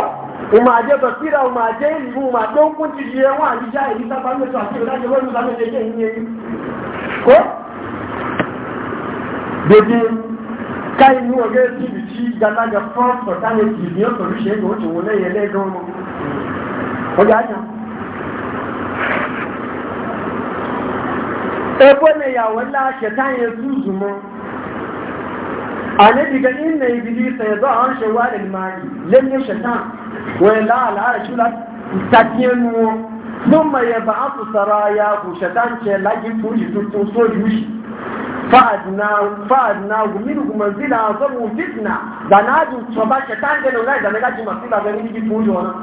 kuma aji basira kuma je ilmu ma don kun ji je wa ji ja yi ta ba mu to a ce da je wani zamu je ke ko Bebe, kai ni wa ga shi gana ga first fatality ne ya faru shi ga wuce wani ya lai gano ko ga ajan ebo ne ya wala shaitan ya zuzu mu anabi ga inna iblis ya zo an shewa da mali lalle shaitan wa la ala arshula takiyanu thumma yab'athu sarayahu shaitan ce lagi tuji tutu so yushi fa'adnahu minhum manzila azabu fitna zanaju soba shaitan da nuna da naga jima sila ga ni bitu jona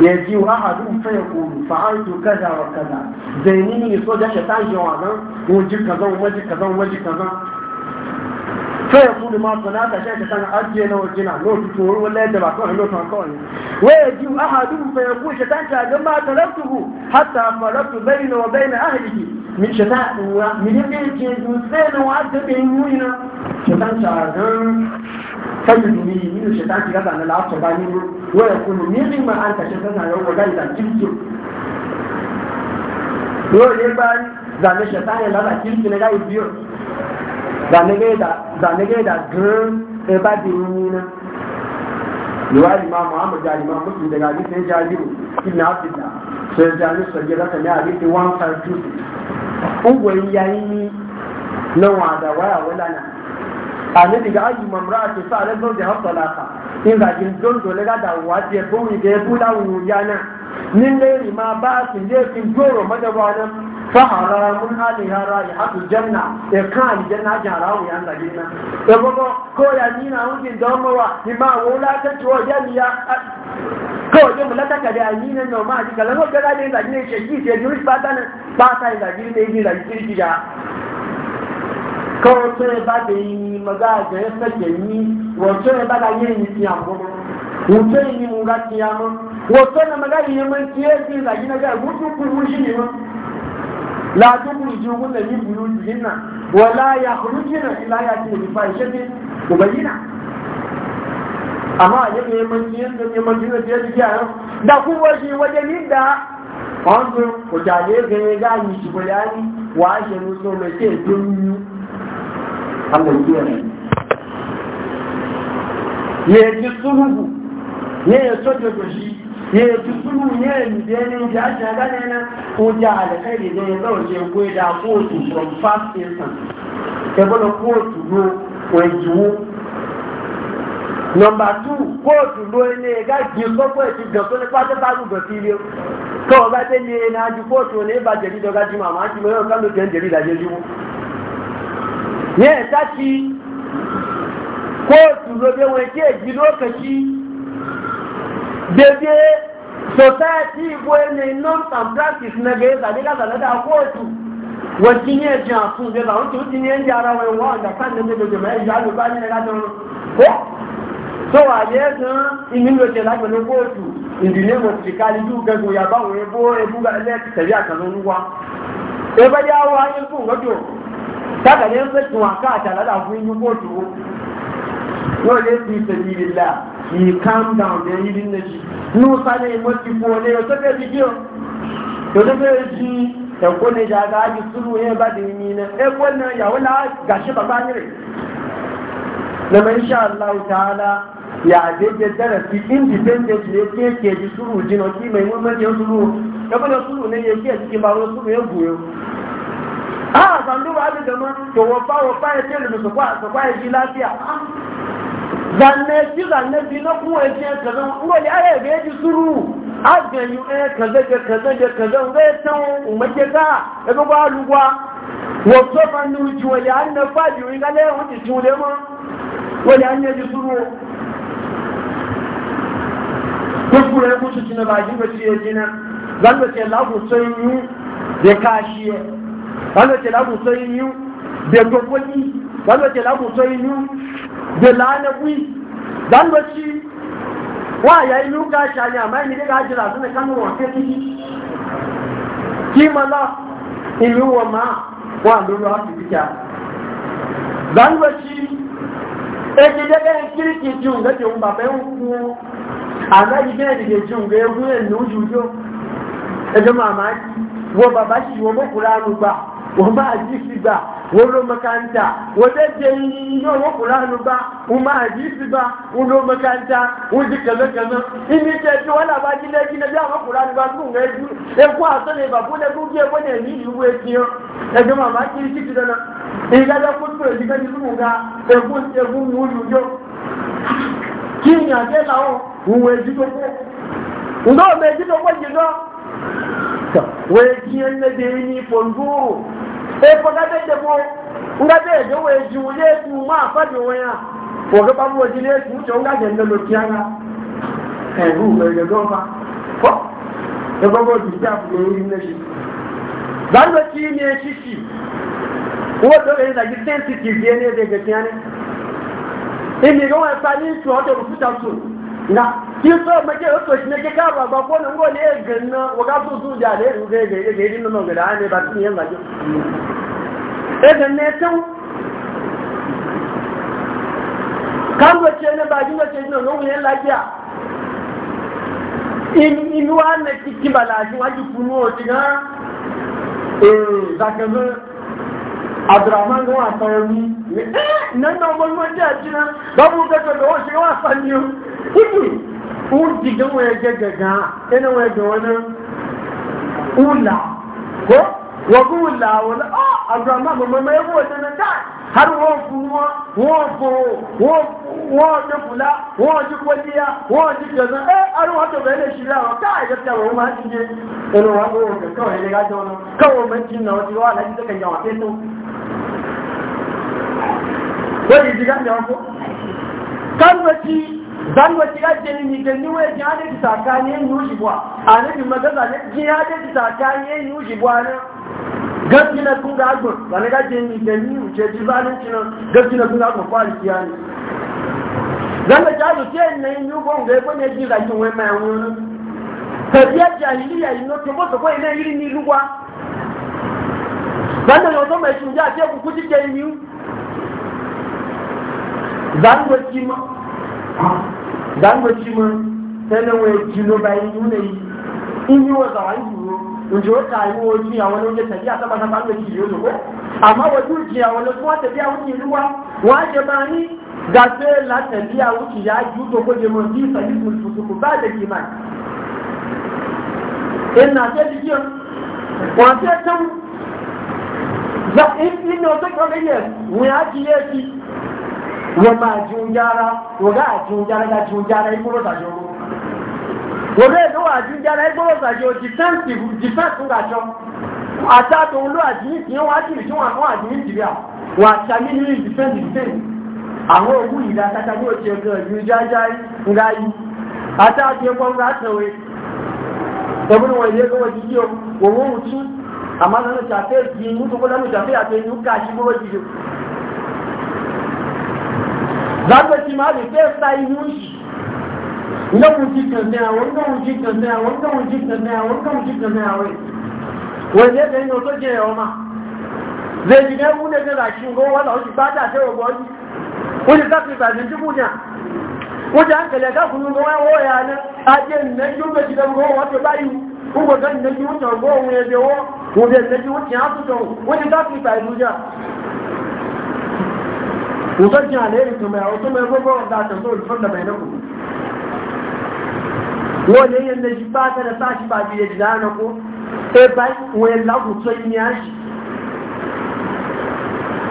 ya ji wa hadu fa yaqulu fa'altu kaza wa kaza zaini ni so da shaitan jona mu ji kaza ko ji kaza ko ji kaza fẹ́ẹ̀ fún mi máa sọ̀rọ̀ àtàṣe ìṣẹ̀tàn àti ẹ̀nà òjìnà lóòtù tó orúwọ́ lẹ́ẹ̀dẹ̀bà kọ́ ìlú kan kọ́ ni wẹ́ẹ̀ ju ahàdù fẹ́ fún ìṣẹ̀tàn tí àjọ máa tẹ̀lé tùhù hátà fọ̀lọ́tù bẹ́yìn náà bẹ́yìn náà àhìlì yìí mi ṣẹ̀tà ìwà mi ní bí kí n dùn sí ẹnu wá dé bí inú iná ṣẹ̀tàn tí àdán fẹ́yìn dùn mí nínú ṣẹ̀tàn tí gàdà ní láàtọ̀ bá nínú wẹ́ẹ̀ fún mi ní ìmọ̀ àǹtàṣe fẹ́ náà yọ̀wọ̀ láì dà jíjù lóòyè bá zàmẹ́ṣẹ̀tàn yẹn lálàkí ní kí n zanege da gan e ba di nina yiwa imam muhammad da imam muslim daga hadisin jabiru ibn abdullah sai jami'u sai da kana hadisin 152 ugwai yayi na wada waya wala na annabi ga ayi mamra ke sa alazan da hasalaka in zagin don dole ga da waje ko mi da ya bula wuya na min gairi ma ba su je kin doro madabanan fa haramun alaiha raihatu janna e kan janna jarawu yan zabi na e ko ya ni na wuce da mawa ni ma wula ta ciwo jamiya ko je mu lata kada ni ne no ma ji kala no kada ne zabi ne shegi je ni ba ta ba ta zabi ne ni zabi kirki ga kiyama wato na magani ya man kiyaji la gina ga gudu ku ne ma la tukhriju kunna min buyutihinna wa la yakhrujna illa yatina bi fahishatin mubayyina amma ya ne man kiyaji ne man kiyaji ya da ku waje waje da wanzu ku jaje ga ga ni shi bayani wa shi ne so ne ke dunyu Allah kiyaye ne ya ne ya soke gushi ne ya fi suru ne ya nufe ne ya shi ga ne na ko da alƙari ne ya zaune ya goyi da kotu from fast person ya bada kotu ro wai jiwo nọmba tu kóòtù lóyún ní ẹgá jí gbogbo ètò ìdọ̀tún ní pátápátá gbòtì ilé kọ́ ọ̀gá tẹ́lẹ̀ ẹ̀ náà ju kóòtù ní ìbàjẹ́ dídọ́gá jí màmá jí mọ́ ẹ̀rọ kánú tẹ̀ ń jẹ̀rí ìdájẹ́ jíwó ní ẹ̀ta ti kóòtù lóde wọn tí èjì lókè sí dede society igbo ne norms and practice na ga yasa dika zane da kotu wacce ne ji a sun zai zawon tu ji ne yan jara wani wa da kan nan da jama'a ya zo ba ni na gano ko so wa ne kan inin lo ce la ga kotu indile mo ti kali du ga go ya ba wo e bo e wa e ba ya da fun yau ne fi sabilillah yi calm down da yi din nashi nusa ne mafi fone yau ta kai jiyo yau ta kai ji ta kone da ga aji suru ne ba da yi na e wannan ya wala gashi ba ba ne na mai insha Allah ta'ala ya daidai fi independent ne ke ke ji suru jino ki mai muhimmanci suru ya bada suru ne ya ke cikin ba suru ya goyo a zandu ba da gama to wafa wafa ya ce da su kwa su kwa ya ji lafiya zanne ji zanne bi na kuma ya ce ka zan uwa ya ya ga ji suru a ga yi eh ka zan ga ka zan ga ka zan ga ya san ya ga daga ba lugwa wato fa ni ji wa ya na fa ji wi ga le wuti ji le ma wa ya ne ji suru ko kuma ya mutu kina ba ji ba ci ya jina zan ga ce lahu sai ya kashi ya. wanda ke lamu sai yi da gwagwani wanda ke lamu sai yi da lanagwi dan da shi wa ya yi luka shani amma yi ne ga jira suna kan ruwa ke ciki kimala ilu wa ma wa lulu hafi fita dan da shi eke daga yin kirki jiun da ke ba bai ku a na yi gina da ke jiun ga ya gune nujujo ejima mamaki wa babashi wa makulanu ba wọ́n máa jí sígbà wọ́n ló mẹ́kántà wọ́n tẹ́ jẹ́ yíyọ́ wọ́n kò lánàá bá wọ́n máa jí sígbà wọ́n ló mẹ́kántà wọ́n ti kẹ̀mẹ́kẹ̀mẹ́ ibi tẹ́ tí wọ́n làbá jílẹ̀ jílẹ̀ bí àwọn kò lánàá bá tún rẹ̀ jù ẹkú àtọ́lẹ̀ bàbá lẹ́kún bí ẹgbẹ́ yẹn ní ìlú etí ọ́ ẹgbẹ́ màmá kiri kí ti dáná ìdájọ́ kó tó èyí kẹ́ni fún un ga ẹkún mú un yó kí ìyàn to wai kiyan na da ni fondo e ko da da bo nga da da wai ji wule ku ma fa da waya ko ga ba mu ji ne ku to nga da da lokiya na kai ru ga e ga go fa ko da ba go ji ta ku ne ne shi dan da ki ne shi shi ko to da da sensitive na kiso maje oto shi nake ka baba ko nan go ne ganna waga su su ja ne ruge ga ga din ga da ne ba tin yan e kan go ce ne ba e go ce no ne in in wa ne ki wa ji ti ga abdulrahman ló wà fún ẹrú eh, nínú ọmọ ìwọ̀n jẹ́ àjínà lọ́wọ́ gẹ́gẹ́ lọ́wọ́ ṣe wà fún ẹni o kúkú ó dìgbẹ́ wọn ẹgẹ́ gẹ̀gàn ẹni wọn ẹgẹ́ wọn náà ó là kó wọ́n kú wùlà àwọn ọ́ àgbàmọ́ àgbàmọ́ ẹgbẹ́ owó ìdẹ́nà dáì har wọ́n fún wọn wọ́n fún wọ́n ọjọ́ fúlá wọ́n ọjọ́ pọ́líyà wọ́n ọjọ́ ìjọsán ẹ́ arúgbó tó bẹ̀rẹ̀ lè ṣílá wọn káàkiri tí àwọn ọmọ máa ti yé ẹnu wọn kó wọn kẹkọọ ilé gájọ wọn káwọn ọmọ ti nà ọtí wọn aláìsí tẹkẹ yàn wọn tó. wọ́n yìí ti gájọ wọn kó. kánúwẹ̀tì zanwẹ̀tì gájẹ ni nìkẹ́ níwọ̀ ẹ̀jẹ̀ adé ti sàkáyé ní òṣìbọ̀ àná gaskina kun ga agbon ba na gaje ni da ni wuce ji zalunci nan gaskina kun ga agbon fari kiya ne zan da jalo ce ne ni gon ga ko ne ji da kin wai mai wani tafiya jahiliya yi no to bo to ko ina yiri ni lugwa zan da yozo mai shin ja ce ku kuji ke ni zan da ki ma zan da ma sai na wai ji no yi ni ne in yi wa zawai òjò tààrí wọn ojú àwọn olóúnjẹ tàbí àtàbàtàbà ń lè kìí olùkọ́ àmọ́ ojú ìjì àwọn olóògùn wọn tẹ̀lé àwọn ìlú wa wọn á jẹ máa ní gàgbé látẹ̀lé àwọn ìyá ajú tó kóde mọ̀ sí ìfẹ̀lú tuntun bá lè kìí máa. ẹnà àtẹ́bí yẹn wọn àti ẹ̀tàn nínú ọjọ́ kan lẹ́yìn wọn á ti yé sí wọn máa jùn jára wọn á jùn jára ká jùn jára ikú ló wòlé ìdánwò àjíjára ẹgbọ́rọ̀ ṣàjọ jìfẹ́ǹtì jìfẹ́ǹtì ńgàjọ àtàtò olú àjíní tí wọ́n ájìrì tí wọ́n àwọn àjíní jìrì à wọ́n àṣàmì ní jìfẹ́ǹtì jìfẹ́ǹtì àwọn òkú ìdá tata ní ọjọ́ ìlú jájá ńgá yìí àtàtò ẹgbọ́n ńgá tẹ̀wé ẹgbọ́n wọn ilé ẹgbọ́n jíjí òun òun tú àmọ́ lọ́nà ṣàfẹ́ ṣàfẹ́ àti لو yi zai ne ne ko ba ta wa wani an ka kunu ko a je ne bai na wanda yin da shi ba ta da sa shi ba biye da na ko e wani lagu tsoyi ne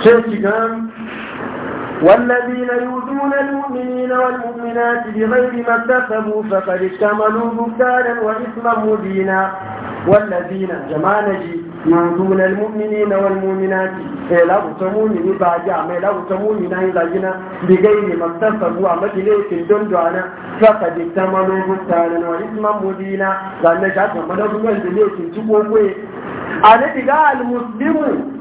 sai shigan والذين يؤذون المؤمنين والمؤمنات بغير ما اكتسبوا فقد اكتملوا بهتانا واثما مبينا والذين جمانجي يؤذون المؤمنين والمؤمنات لا تموني باجا ما لا تموني نهي لاجنا بغير ما اكتسبوا اما ليك دون دوانا فقد اكتملوا بهتانا واثما مبينا لان جاءت ما دون ليك تبوي انا تقال المسلم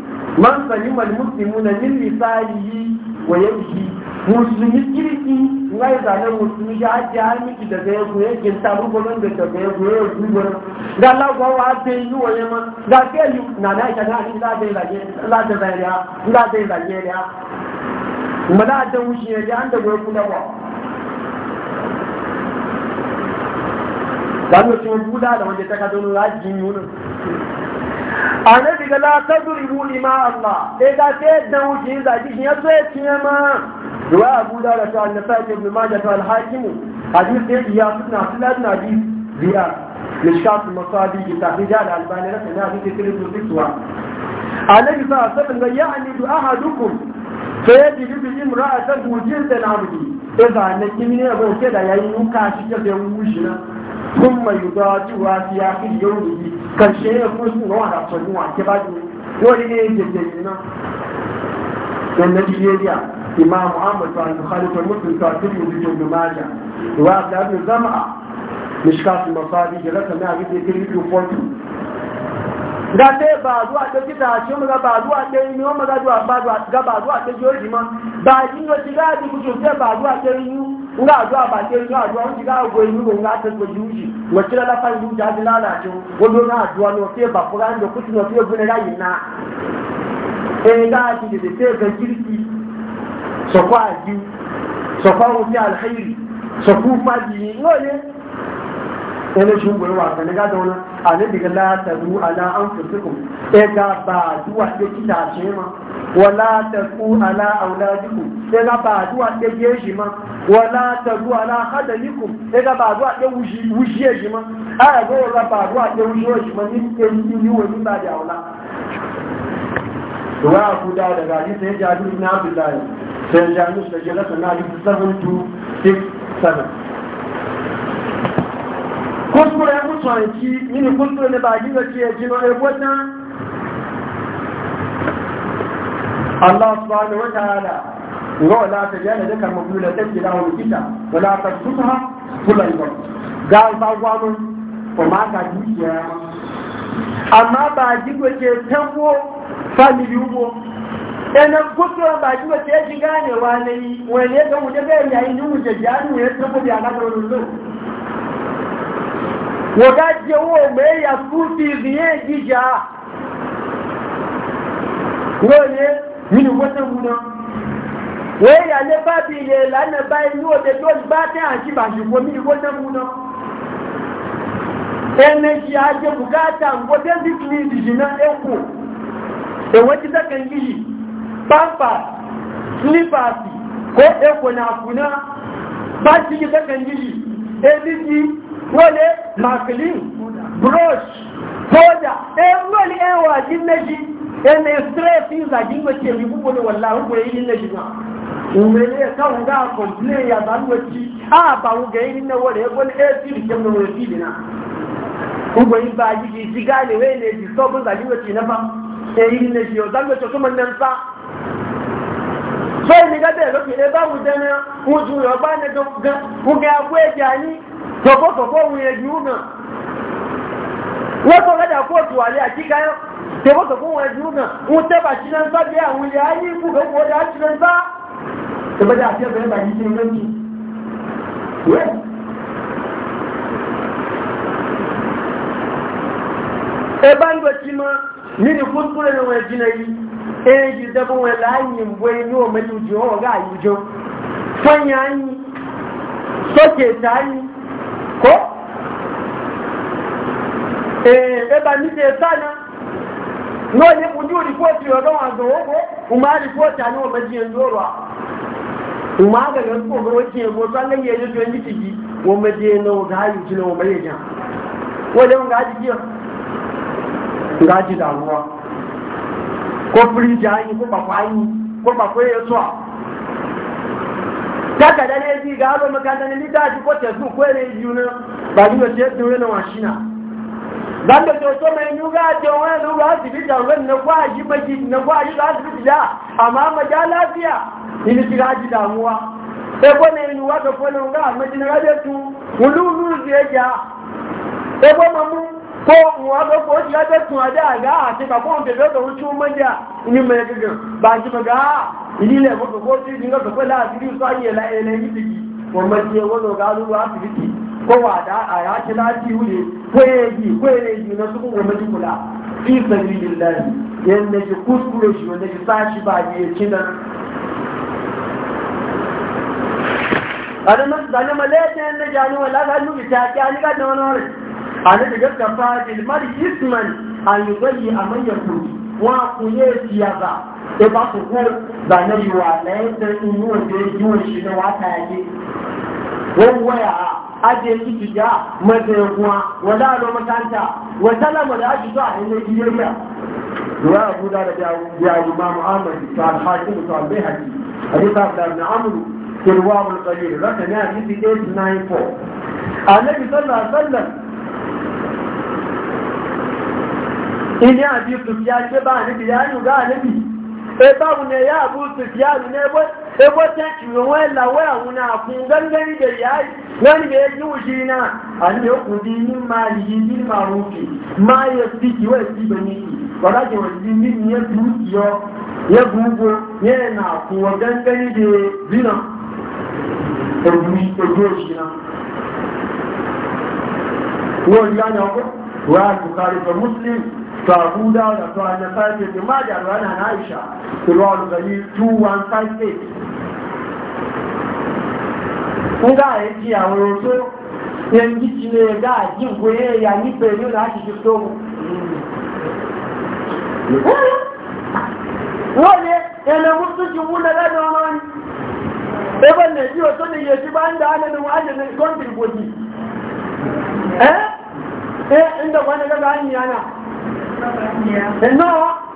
من سلم المسلمون من لسانه wa yanki musulmi kirki nga yi zane musulmi ya ake an miki daga ya kuwa yake ta rubunan da daga ya kuwa ya kuwa ga Allah kuwa wa ta yi wa yamma ga ke yi na na ita na ni za ta yi zage za ta zage ya za ta yi zage ya kuma za ta wuce ya da ta ka annabi ga la tadribu lima Allah sai ga sai dan wuce za ki ya sai ciye ma ruwa Abu Dawud ta annabi ibn Majah ta al-Hakim hadith sai ya sunna sunan nabi biya mishkat masabi ta rijal albani na sana bi tilil tutwa annabi sa sallan ga ya ani du ahadukum sai ji bi imra'atan wujin da nabi a ne kimi ne ya ke da yayi nuka shi ke da wushi na sun mai yuda jiwa su ya fi yau da yi karshe ya kuma sun gawa da tsoron wa ke baji wani ne ya jejjeyi nan na nigeria imam muhammad ta su halittar mutum ta tun yi bijin lumaja wa ta yi zama a mishkasu mafari da rasa na abin da ya kiri da ta yi ba zuwa ta kita shi mu ga ba zuwa ta yi ne wani ga ba zuwa ta jiyoji ma ba jin yau shiga a jikin sosai ba zuwa ta yi nga zuwa ba ke zuwa zuwa wani ga goyi e mu nga ta ko juji wace la fa ja dina na ju wodo na zuwa no te ba ko ran do kuti no te bune rayi na e ga ti de te ga jirki so kwa ji so kwa mu ti alkhairi so ku fa ji ngole yana shi goyi wa ka naga da wani annabi ga la tazu ala anfusikum e ga ba duwa ke kita ce ma wala taqu ala auladikum e ga ba duwa ke shi ma wala taqu ala khadalikum e ga ba duwa ke wuji shi ma a ga ba duwa ke wuji shi ma ni ke ni wani ba da wala wa abu da daga hadisi ya jabi ibn abdullahi sai jabi da jalasa na hadisi kuskure mutuwanki mini kuskure da baki da ce jino ya gwada Allah subhanahu wa ta'ala ga wala ta jana da kan mabula ta gida wa kita wala ta kuta kula ba ga ba gwanu ko ma ka dukiya amma ba ji ko ce tango family ubo ena kuskure ba ji ko ce ji ganewa ne wani ya ga mu da ga yayin mu jajjani ya tabo da alaka wannan wọ́gá jẹ́ owó mẹ́yà fúdì ìrìnyẹ́ jíjà lóye nínú wọ́tẹ̀ wù náà wọ́n yà lé bábí ilẹ̀ lánà báyìí ní òde tó bá tẹ́ àṣìbà ṣùgbọ́n nínú wọ́tẹ̀ wù náà ẹnẹ́jì ajé bùkátà wọ́tẹ̀ sí kìí ìdìjì náà ẹ̀kọ́ èwọ́n ti sẹ́kẹ̀ ń yìí pampa slipasi kó ẹ̀kọ́ náà fún náà bá ti sẹ́kẹ̀ ń yìí ebi yìí wọlé maclean brush powder ẹgbẹ́lì ẹwà jíndẹ́jì ẹni stress yíza jíndẹ́jì èmi púpọ̀ ní wọ̀n a ba èyí nílẹ̀ jùlọ òmìnirí ẹ̀káwọn dáa kọ̀m̀plé yàtàlúwẹ̀tì àbàwọn gẹ̀ẹ́ nínú wọ̀lẹ̀ ẹgbẹ́lì ẹ̀ẹ́sì ìjẹun rẹ̀ fìlì náà gbogbo yìí bá yìí yìí ti gáàlì wẹ́ẹ̀ lè di sọ́ọ̀bù ìgbàlíwẹ̀ tì náà èyí lè di ọ̀dàgbẹ̀ tó túnmọ̀ ní nsá. sọ́ọ̀yì ni gábẹ́ lókè ẹ bá wù dẹ́nu wù ju ọgbà ẹ̀dọ̀ gan wù ya agbó ẹ̀jẹ̀ àní sọ̀kọ́sọ̀kọ́ òun ẹ̀jú náà wọ́n tó lẹ́dà kóòtù wà ní àjíká yọ́ tẹ́bọ́sọ̀kọ́ òun ẹ̀jú náà ń tẹ́bà ṣíná ń bá bí àwọn ilẹ̀ ayé ikú gbogbo ọjà ṣíná ń bá tẹ́bọ́jà àti ẹgbẹ̀rẹ́ bàjí ṣe ń lẹ́jù ẹbá ń gbẹ̀tí mọ́ nínú kúrúkúrẹ́ ní wọn ẹ̀jú náà yìí èyí dẹ́bọ̀ wọn láàyè ń bọ́ inú ọmọ ìlú jù ọ̀gá àyíjọ fọ́nyà yìí sókè táyìí ko eh eba nije sana nonye unju ripoti yorowa zogo a ani omajiye ndorwa umaga yanzu ko wace ko sanga ye yo a tigi wo majiye ga nga nga ko firi ko ko kaka da e ne ji ga alo makanta ne lita ji ko tesu ko ne yi na ba ni ce to ne wa shina dan da to mai nu ga to wa nu ga ti bi da ran na kwa ji ba na kwa ji ga ti da amma ma ja lafiya ni ti ga ji damuwa sai ko ne nu wa ga ko ne ga ma ji na ga tu wulu wulu je ja sai ko mamu ko wa ga ko ji ga a da ga ti ka ko be do wuce chu ma ja ni me ga ba ji ma ga ilé mọ́tò kó tí ní lọ́tọ̀ pé láti rí sọ ayé ẹ̀lá ẹ̀lẹ́ yìí bìí wọ́n mọ̀ sí ewé lọ́gá lórí àtìrìtì kó wà dá àyà wuli ko wúlé kó ko e kó e èyí na sukú wọ́n mọ̀ kula fi sẹ́yìn yìí lẹ́yìn yẹn lè ṣe kú kúrò ṣì wọ́n lè ṣe sáàṣì bá yẹ ẹ̀kí Adama sani ma lẹ́yìn na jani wa laka nubi ta kí a ní ká dán wọn rẹ̀. Àlejò gẹ́gẹ́ kan mari Isman, àyùbá yìí àmọ́ yẹ kúrò. wọn akunye eti aba eba koko bana yi wa lẹsẹ inú ọdẹ yi wọn si na wa ta yi wọn wọ ya adi eti ti ja mẹsẹ ẹkun a wọn da lọ mọtanta wọn sálà mọdà a ti sọ àyẹnlẹ ti yé mi a. رواية أبو دار الإمام أحمد قال حاكم قال بيهقي حديث عبد الله بن عمرو في رواه القليل رقم 894 النبي صلى الله عليه وسلم ilé àbí sùfíà ṣe bá níbi yáyù gá níbi ẹbáwù ní ẹ̀yà àbú sùfíà ní ẹgbọ́ tẹ́kì wọn ẹ̀làwọ́ àwọn àfún gẹ́gẹ́ níbẹ̀ yáyì wọ́n níbẹ̀ ẹjú òṣì náà àti okùn di ní máa yìí ní màrún kì máa yẹ sí kí wọ́n sí ibẹ̀ ní kì wọ́n láti wọ́n sí ní ìyẹn bú yọ yẹ gbogbo yẹ nà àfún wọn gẹ́gẹ́ níbẹ̀ bínà ojú òṣì náà wọ́n yá ní ọkọ̀ wọ́n á bùkárí fún muslim to abu da da to an sai ke ma da ruwa na Aisha ruwa da ni 2158 kun ga yake a wurin so yan gici ne ga jin ko ya ni pe ni na shi so mu wọ́n ẹ̀nà wúsùsù wúlọ lẹ́nu ọmọ ní ẹgbẹ́ nàìjíríà tó lè yẹ̀ sí bá ń dáa nínú ajẹ́lẹ̀ kọ́ntìrì bòjì ẹ́ ẹ́ ń dọ̀gbọ́n ẹgbẹ́ bá ń yànà ina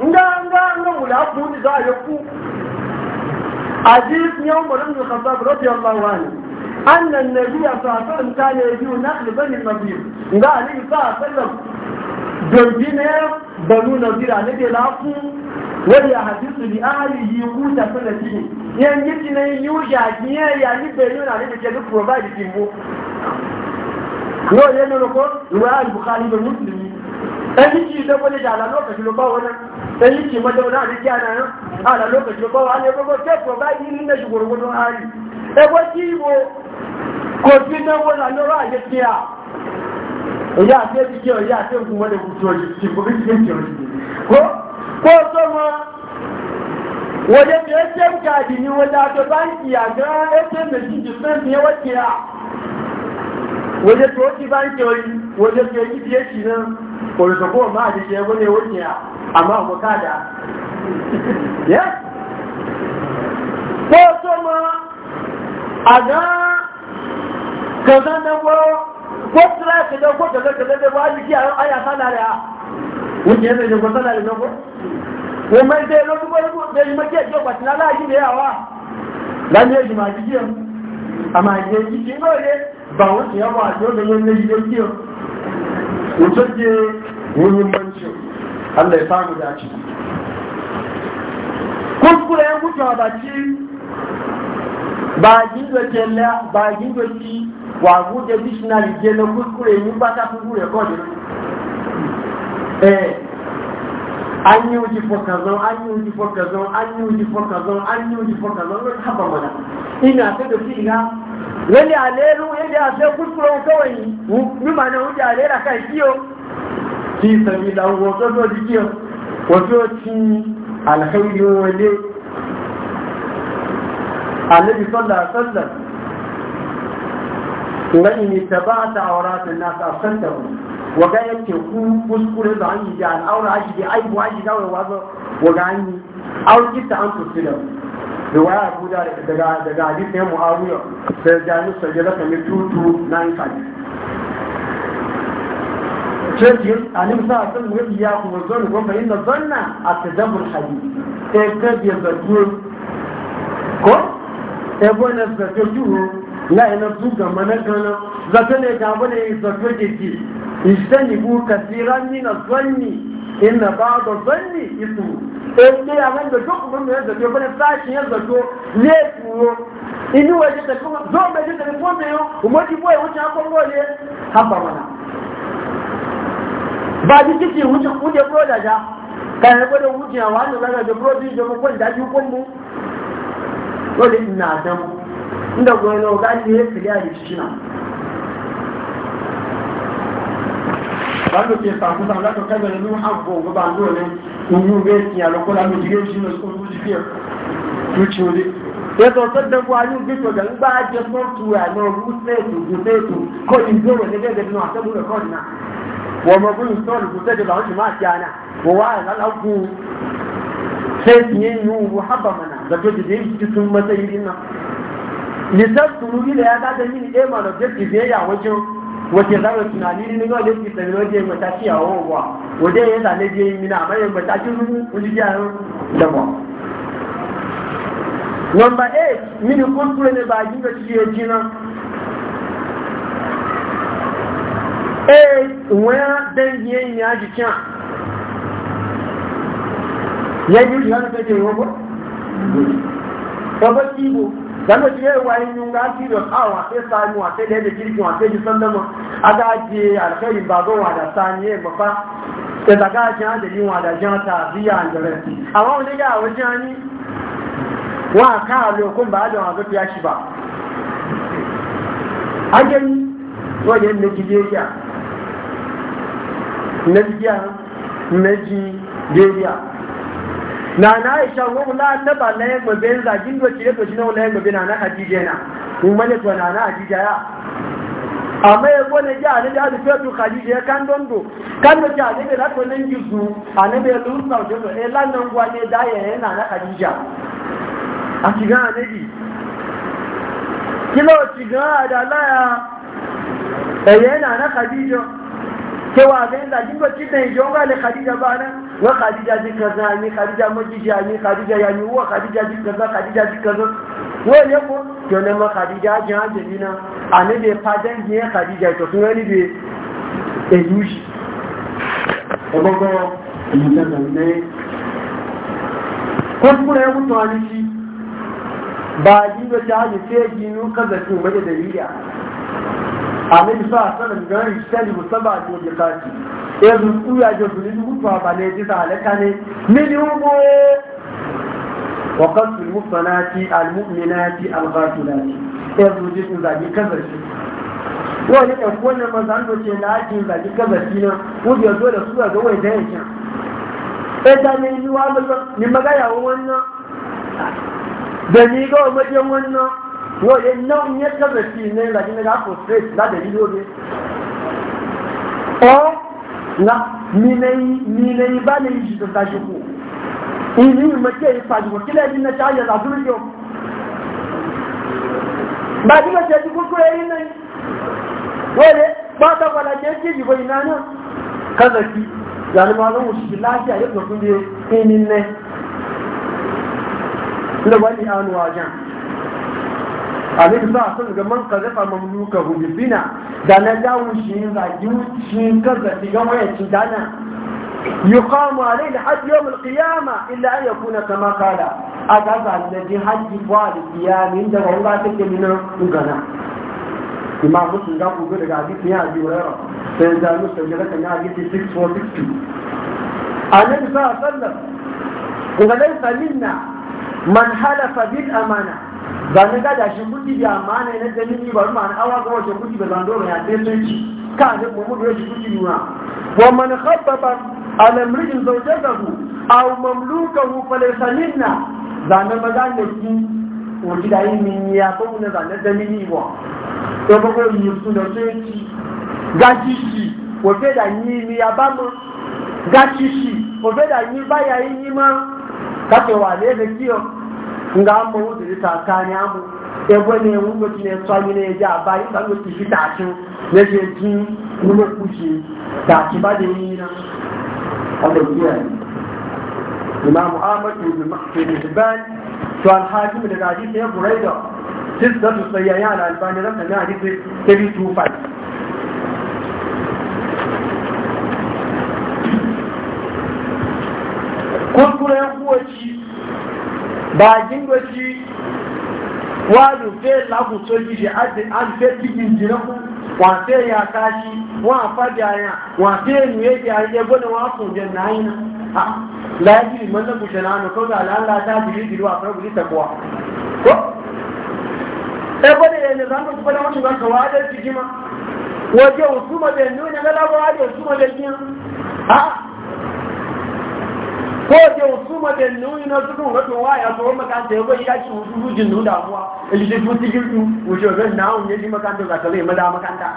nga nga nga wula ku ni za a yi ku عزيز يوم عمر بن الخطاب رضي الله عنه أن النبي صلى الله عليه وسلم كان يجيء نقل بني النظير قال عليه صلى الله عليه وسلم جنبنا بنو نظير عليه العفو ولي أحدث لأهله قوت سنته يعني يجينا يوجع جنيه يعني بنيون عليه بجانب بروفايد جنبه لو ينو نقول رواه البخاري والمسلم ɗan yi da kwale da ala lokaci lo ba wani ɗan yi ci mata wani aliki ana nan ala lokaci lo ba wani ko ko ko ba yi na shi gurgudun hali e ko ci bo ko fi na wani aloro a gaskiya ya ce bi ke ya ce kuma da hutoji ci ko bi ke ko ko so ma wani da ya ce ka dini wanda banki ya ga ya ce da shi jisan ne wakiya Wani da banki wajen wani ya yi fiye shi na. olùsọ̀kọ́ máa ti ṣe wọ́n yi owó ní àmà ọmọkáàdá yẹ́ kó tó mọ́ àdá kẹsàndẹ́gbọ́ kó tíláàkì lọ́gbọ́ kẹsàndẹ́gbọ́ á ti kí àyà sálàrí à oúnjẹ ẹ̀rẹ́ ìjọba sálàrí lọ́gbọ́ wọ́n mẹ́ yi lọ́dúnbọ́ lọ́gbọ́ mu jirge muhimmancin allah ya samu dace kuskure ya mutu a baki ba gizo kella ba gizo ki wa guje dictionary je na kuskure ni ba ta kuskure ko eh an yi wuce fokazon an yi wuce fokazon an yi wuce fokazon an yi wuce fokazon wani haɓa mana ina ta da fi ga wani aleru yadda a sai kuskure kawai mima na wuce alera kan kiyo ki sami da wato to di kiyo wato ci alhairi wale annabi sallallahu alaihi wasallam wani ne ta ba ta auratun nasu a santa waga yake ku kuskure da an yi da al'aura aji da wa aji da wani wazo waga an yi aukita an kusura riwaya guda daga daga hadisi muawiya sai jami sajada ta mi tutu nan kai Cikin alim sa san mu yi ya kuma zan ko fa inna zanna atadabbur hadith e ka bi zartu ko e bona zartu juhu la ina zuga manakana zato ne ga bane zartu ke ji istani bu kasiran min zanni inna ba da zanni isu in dai a nan da duk mun ya zato bane sashi ya zato ne furo inu waje da kuma zo mai da telefon da yau kuma ji boye wuce hakon gole haba mana ba ji kike wuce kuje bro da ja kan ya bada wuce wa wanda zaga da bro ji da mu kun da ji kun mu dole ina dan inda goyo ga ni ya tsaya da shi na bàbá ló fi ẹ̀fà fún bàbá tó kẹ́bẹ̀rẹ̀ ní àgbò gbogbo àgbò rẹ̀ oyún rẹ̀ ti àlọ́kọ́lá ló ti réjì lọ sí orí fi ẹ̀kú tí ó lé yẹtọ̀ tó dẹ́gbọ́ ayé gbẹ́tọ̀ rẹ̀ ń gbá jẹ mọ́tò àná orú sẹ́ẹ̀tù ju sẹ́ẹ̀tù kọ́ ìgbé rẹ̀ ní gẹ́gẹ́ nínú àtẹ́gùn rẹ̀ kọ́ ìná wọ́n mọ̀ bóyá sọ́ọ̀lù kò sẹ́ẹ̀tù làwọn sì máa ti àná wọ́n wá àlálàkù sẹ́ẹ̀tù yẹn yún wọ́n hábàmọ̀nà gbàtọ́ ti dé tuntun mọ́tẹ́ wace zaro tunani ne ga wajen ki tsari wajen mata ci a wawa wajen ya zane je mina amma yin mata ci rubu wani jiyayen da ba number mini kuskure ne ba yi ga ciye jina eh wani dangi yayin ya ji kyan ya yi yi hannu ta ce wago? zama shi yai wayin yun ga shi da kawo a sai sami wa sai da yadda kirkin wa sai san dama a ga je alkhairi ba zo wa da sani ya bafa ya zaga shi an da yin wa da jan ta biya a da rai amma wani ga wajen hani wa ka lokun ba da wazo ya shi ba a gani wajen na jigeya na jigeya na jigeya na na aisha ko la ta ba lai yan mabe za jin do to shi na la yan mabe na na hadija na mun mane to na na hadija ya amma ya gone ja ne da su fetu khadija ya kan don do kan do ja ne da to nan ji su anabe ya lu sa to e eh, lan nan gwa ne da ya na na hadija a shiga anabi kilo shiga da la ya eh, yana na khadija كوازين لكن بتشتني جونغا لخديجة بانا وخديجة ذكرها مي خديجة مجيجي يعني، مي خديجة يعني هو خديجة ذكرها خديجة ذكرها ويقول جونا ما خديجة جان جينا أنا دي بعدين جي خديجة تسمعني دي ادوش ابغى اقول انا جنبي كل مره يوم تواني شي باجي بتاعي سيجينو كذا سو مجد دليلي يعني. annabi sa sanin garin sani musaba ko da kaci ya zuku ya ga ba ne ji da halaka ne mini ubo wa qasd al muhsanati al mu'minati al ghafilati ya zuji in zagi kaza shi wani da wannan manzan do ce na ake zagi kaza shi nan ko ya zo da su ga wai da yake eh da ne yi wa ba ni magaya wannan da ni ga wajen wannan yóò yẹ ná nyẹ kẹfẹ sí i ní ìlàjì nígbà kò straight láti ẹni lóde ọ nga mìnẹyìn mìnẹyìn bá lè yí tó dájú kù ìlú ìmọ̀tí èyí pàdùkù kílẹ̀ ẹni náà ṣáájú ẹ̀dá dúró jọ bàtí bàtí ẹni kúkú ẹni náà wọ́n lè pátá padà jẹ́ kí ìdìbò ìná náà kẹfẹ sí ìyàlùmọ̀ ọlọ́run òṣìṣẹ́ láti àyẹ̀tọ̀ fún mi ìnìnẹ́ ńlọ́wọ́ ni àwọn àjàn. abin sa sun ga man ka zafa mamluka hujjina da na dawo shi zagi shi kaza shi ga wayar shi dana yuqamu alayhi hadd yawm alqiyama illa an yakuna kama qala agaza alladhi hajji fa alqiyam da wanda take mina ugana imam muslim da ku daga hadisi ya ji wayar sai da muslim da kan hadisi 6462 annabi sallallahu alaihi wasallam ga laysa minna man halafa bil amana zanen gada shi kudi da amana na dalili bari ma na awa ga wace kudi ba zando ya sai sun ci ka ne mu mu shi kudi nuna wa man khabbaba ala imrin zawjatahu aw mamlukahu falaysa minna zanen maza ne ki wani da yin min ya ko ne zanen dalili ba to e ba ko yi su da sai ci gaji shi ko fe da yi mi ya ba mu gaji shi ko fe da yi ba ya yi ma ka ce wa ne da kiyo nga mo wo diri ta ka ni amu ebo ne wo ngo ti ne so ni ne ja yi ba ngo ti fi ta ti ne je ti ni mo ku ji ta ti ba de yi na abu biya imam ahmad ibn mahdi hibban to al hakim da hadith ya buraida sittatu sayyan al albani da kana hadith 325 kun kure kuwa ci bakin doki wáyò fẹ́ ya yìí àfẹ́ kíkì ìjìnlẹ́kù wọ́n fẹ́ yà káàkiri wọ́n àfáàdì àyà wọ́n fẹ́ ènù èdè àyẹ gbọ́dọ̀ wọ́n fún jẹ náírà láàbí ìmọ̀lẹ́kùnṣẹ̀ náà kọ́ ta láńlá dáàbì a àfẹ́bùrí tẹ̀kọ́ ẹgbẹ́ ni ẹni lánàá tó fẹ́lẹ́ wọ́n ti gbàgbọ́ wá dé ti jí ma wọ́n jẹ́ òtúmọ̀ bẹ̀ ní bai ní ẹgbẹ́ lábọ́ wá dé bai jiya? jí ko ke usuma da nuyi na su kun wato wa ya so makanta ya bai yaki hudu jin nu damuwa ili da tuti girdu wuce zan na un yaji makanta za ta zai maza makanta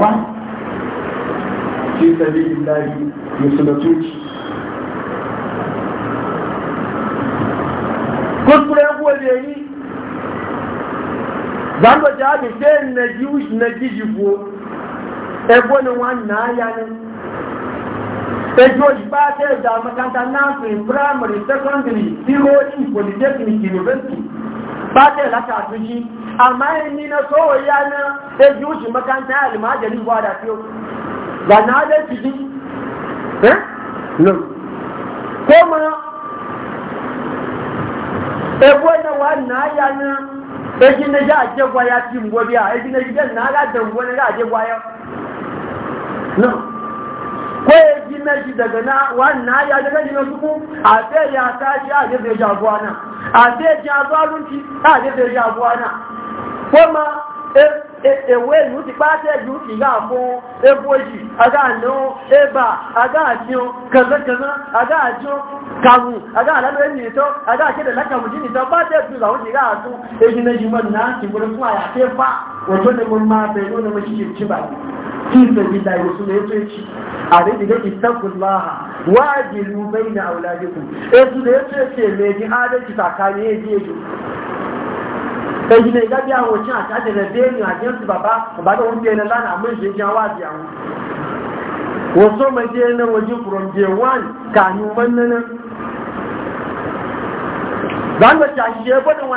wa fi sabilillahi musulatuci kuskure gode ni zan ba jabi sai na ji na ji jibo ebo ni wannan ya ne Ejo ìgbà tẹ́ ìjà ọmọkanta nursing primary secondary theology polytechnic university. Bátẹ̀ láti àtúnṣí, àmá ni na sọ́wọ́ yá ná ejú oṣù mọ́kanta alìmájẹ̀lì ìwọ́ àdá tí ó. Gbàná adé ti dí. Kó mọ́, ebo iná wà náà yá ná ejí na yá àjẹ́gbáyá tí ń gbọ́ bí i à, ejí na yí ko ya ji na shi daga na wannan ya daga jina suku a sai ya tashi a jefe jagowa na a sai jagowa runci a jefe jagowa na kuma eh, èwe ìlú ti pàṣẹ ìlú ìyá fún egbòjì agáàlú ẹbà agáàjíun kẹsẹkẹsẹ agáàjíun kàwù agáàlálò ẹni ìtọ́ agáàkéde lákàwù jí nìtọ́ pàṣẹ ìlú àwọn ìyá àtún èyí ni èyí lè dábí a wacin àtàjẹ̀ rẹ̀ dé ìrìn àjẹ́ ti bàbá bàbá tó ń bí ma jẹ́ ẹni from day one kàní wọ́n nánà báńgọ̀ tí àṣìṣe gbọ́dọ̀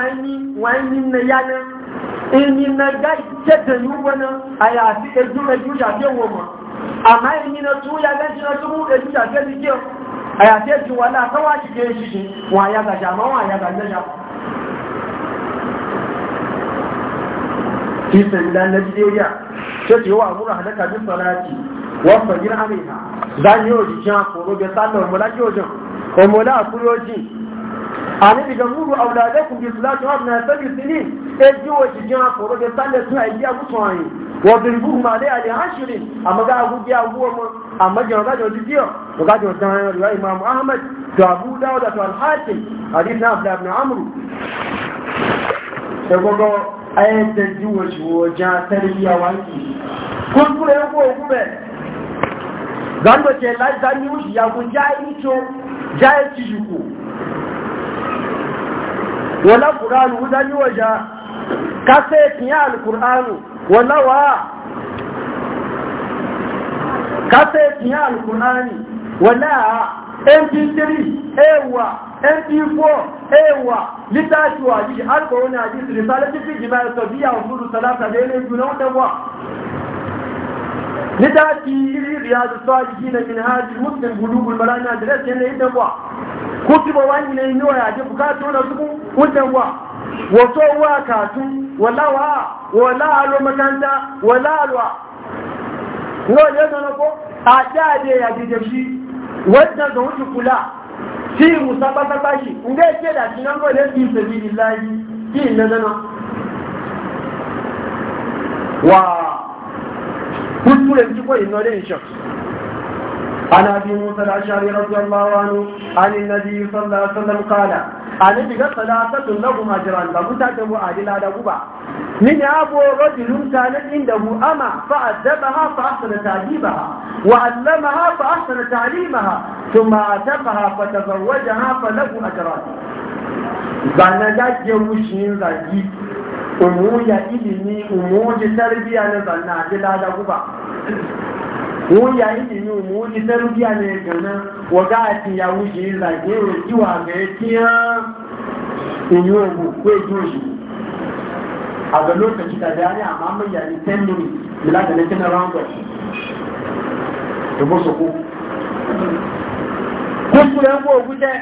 wọ́n ní nà yá ná ìní nà gá ìṣẹ́tẹ̀ yìí wọ́n ná àyà àti ẹjú ẹjú ìṣàfẹ́ wọ̀ mọ́ àmọ́ ìní nà tún yá gẹ́sì nà tún ẹjú ìṣàfẹ́ ti jẹ́ àyà àti ẹjú wọn náà shi, àṣìṣe ìṣìṣe wọn àyàgàjà àmọ́ fi sanda na nigeria ce ce wa mura halaka bin salati wa fajir alaiha za ni yau jikin koro bai sallar mula kyojin ko mula kuyoji a ni diga muru auladakun bi salati wa na sabi sini e ji wa jikin koro bai sallar suna yi a musu wani wa bilbu ma dai ali hashiri a maga abu biya guwa mu a majiyar gajiyar jikiyar ko gajiyar ta hanyar ruwa imamu ahmad da abu dawuda to alhakim hadith na abdullahi ibn amru sai gogo ayatar ji wajen tarbiyyawa ki kuskure ya koya kuma zanda ce zani wuce ya kun jayi co jayi ci shiku wala ƙuranu zani waje kasa ya fiye alƙuranu wala wa kasa ya fiye alƙurani wala mp3 ewa mp4 ewa littafi wa ji har na ji su risala cikin jima'i sau biya wa suru salata da yanayi juna wanda wa littafi iri riyadu salihi na min hajji muslim gudugul malana da rasu yanayi da wa kutuba wani ne ni waya ji bukatu na su wutan wa wato wa katu wala wa wala alo makanta wala alwa ngo ne ko a jade ya ji wadda ga wuce kula shi musa ba ta tashi in ga yake da shi nan ko da fi sabi lillahi shi na zana wa kuskuren ci ko ignoration عن ابي موسى الاشعري رضي الله عنه عن النبي صلى الله عليه وسلم قال annabi ga salatatu lahum ajran ba muta da bu adila da guba min abu rajulun kana indahu ama fa adabaha fa ahsana ta'dibaha wa allamaha fa ahsana ta'limaha thumma ataqaha fa tazawwajaha fa lahu ajran bana da je mushin zagi umuya ilimi umuji tarbiya na banna adila da guba wọ́n yà ní ìlú mú ní sẹ́rúbíà ní ẹ̀gànná wọ̀gá àti ìyàwó ṣe ń rà ní èrò tí wà mẹ́ kí án ìlú òmù pé ìlú òṣù àbẹ̀lẹ́ òṣèṣì tàbí á ní àmà mọ́ ìyà ní ten minutes ìlàjẹ̀lẹ́ tí náà ráńdọ̀ ìbúsùkú kúkú rẹ̀ ń kó òkú jẹ́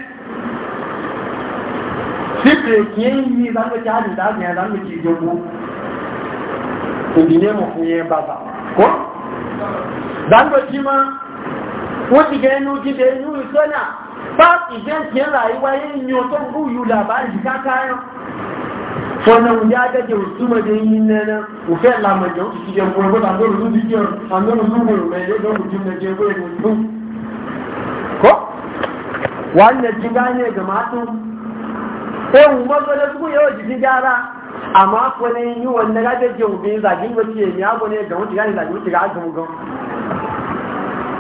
sípìlẹ̀ kì í yí ìdánwòjì àdìdá àgbìyàn ìdánwòjì ìjọgbó ìdílé mọ̀ fún yẹn bàbà kó dáńdọ̀ jí mọ́ wọ́n ti gẹ inú jíde inú ìsọ́nà bá ìgbẹ́ǹtì ẹ̀rà ìwáyé ní ọ̀tọ́ gúúyù làbá ìkákáyán fọ́nàmù yá gẹ́gẹ́ òtúmọ̀dé yìí nẹ́nà òfẹ́ làmọ̀jọ́ ìṣìṣẹ́ ìfowópamọ́ àdóòrò lóbi jẹ́ àdóòrò lóbi rẹ̀ lọ́dọ̀ òjú mẹ́jẹ wé ìlú. kọ́ wàá nà jí bá ní ẹ̀gbẹ̀mọ́ àtún. ewu mọ́gbọ́dọ̀ tó yẹ òjì sí jára àmọ́ àpọ̀ ní yíwọ̀n nígbà gẹ́gẹ́ òbí ìzàgí ń gbé tiẹ̀ ní àbọ̀ ní ẹ̀gbẹ̀mọ́ ti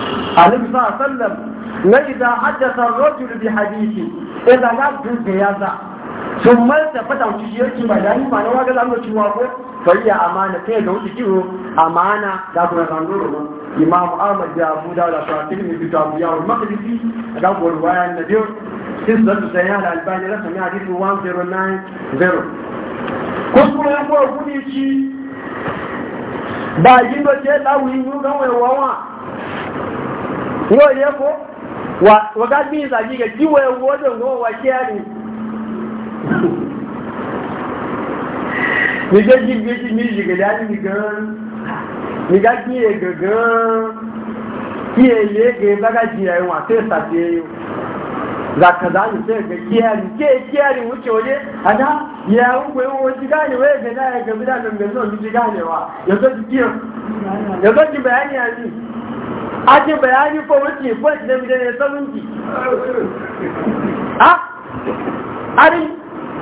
alif sa sallam na idan haddasa rajul bi hadisi idan ga dubbe za sun malta fata wuce shi yake ba da ma na ko fariya amana kai ga wuce kiwo amana da kuma zangoro ba imam ahmad da abu da da fatir ne bi ta buya wal maqdisi da ko riwaya annabi sun da sayan albani rasul ya hadisi 1090 kuskure ko gudi ci ba yin da ce lawi yu ga wai wawa yóò yẹ kó wákàtí ìsàjì kẹ jíwọ ewu ọdún kó wà kí ẹni nígbà sai wuce waje ana ya wuce wuce gane waye ga na ya ga da ki a ce bayani ko wuce kwanci da mutane ya samunci a ah,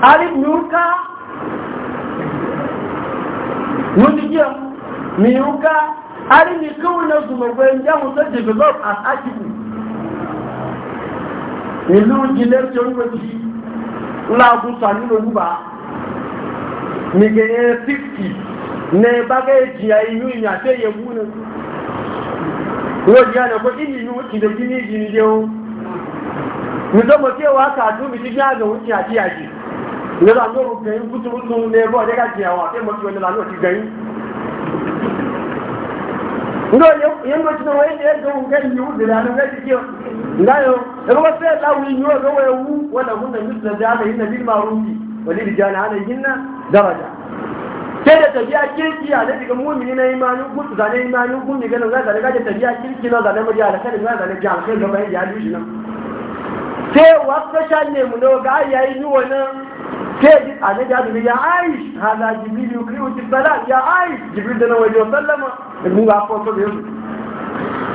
arif nuka wujiya miyuka arif ne kawai na zumagwai ya musa develop as akibu ìlú jìnlẹ̀ tí ó ń wèjì láàbùsà nínú ya yi yi ní bágẹ́jì ìlú ìyàtẹ́yẹ̀wú nìkan wọ́n yá lọ pé kí nínú ìdè kí ní ìjì ní jẹun nìtọ́mọ̀ tí wọ́n kà tún bí títí àgbà òun ti àti àjì lọ́dọ̀ àwọn òun gẹ̀yìn kútùkútù ne ẹgbọ́ ọ̀dẹ́gà jẹ àwọn àfẹ́mọ́ tí wọ́n lọ́dọ̀ àwọn òun gẹ̀yìn ndo yen ko tino wen de do ngal ni wude la no ngal dikiyo ndayo ro wa fe la wi nyo ro wa wu wala hunna misla da ala hinna bil ma'rufi wa lil jana hinna daraja sai da tafiya kirki a daga mumini na imani gudu zane imani gudu ganin za zane gaje tafiya kirki na zane maji alkhairin na zane jihar kai gaba ya ji nan sai wasu shan ne mu na ga ya yi yiwa sai ji a na jihar ya aish hala jibril yukri uti salam ya aish jibril da na waje sallama da mu ga foto da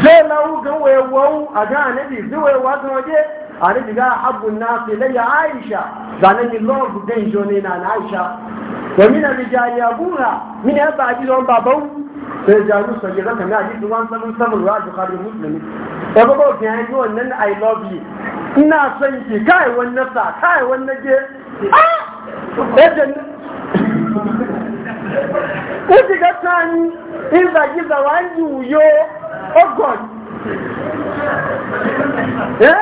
sai lawu ga wayewau a ga anabi zuwa wajen waje a ni diga abun na fi laya aisha zanen ni lọ́ọ̀bù dé ìjọ ní na aisha domin na rija ya bura min ya ba bi don babau sai ja mu sai ga kana ji duwan sabon sabon wa bukhari muslimi sai ba ko ga yi wannan i love you ina son ki kai wannan sa kai wannan je ah Kuti ga tani in zagi zawa yi wuyo ogon. Oh eh?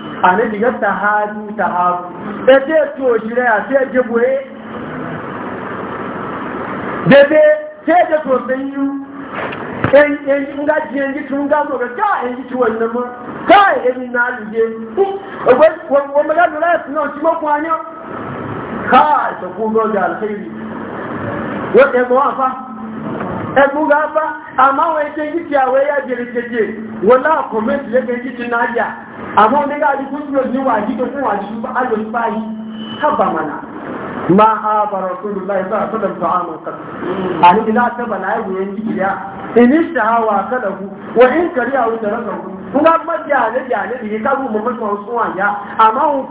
àníbi yẹ́ tàhálù tàhálù ẹgbẹ́ ètò òṣìrẹ́ àti ẹgbẹ́gbò ẹ́ bẹ́bẹ́ tẹ́ẹ̀dẹ̀ tó sẹ́yú nga jiyan ji tun ga zo ga ka en ji tuwan nan ma ka en na lije ogwe wo ma ga lura su na ci ma ku anya ka ta ku go ga alkhairi wo te mo afa ẹgbùn gáfà àmọ́ àwọn ẹgbẹ́ títí àwọ̀ ẹ̀yà jẹrẹjẹjẹ wọ́n náà kọ̀mẹ́tì lẹ́gbẹ̀ẹ́ títí náà yà àwọn onígbà àdúgbò tí ó ní wà jíjọ fún àjọṣùpá yìí ma a ba ta dan ta'amun ka ani ta bala yayin jikiya kada ku wa nga mọ́jà àlejò àlejò yìí ká gbogbo mọ́tò wọn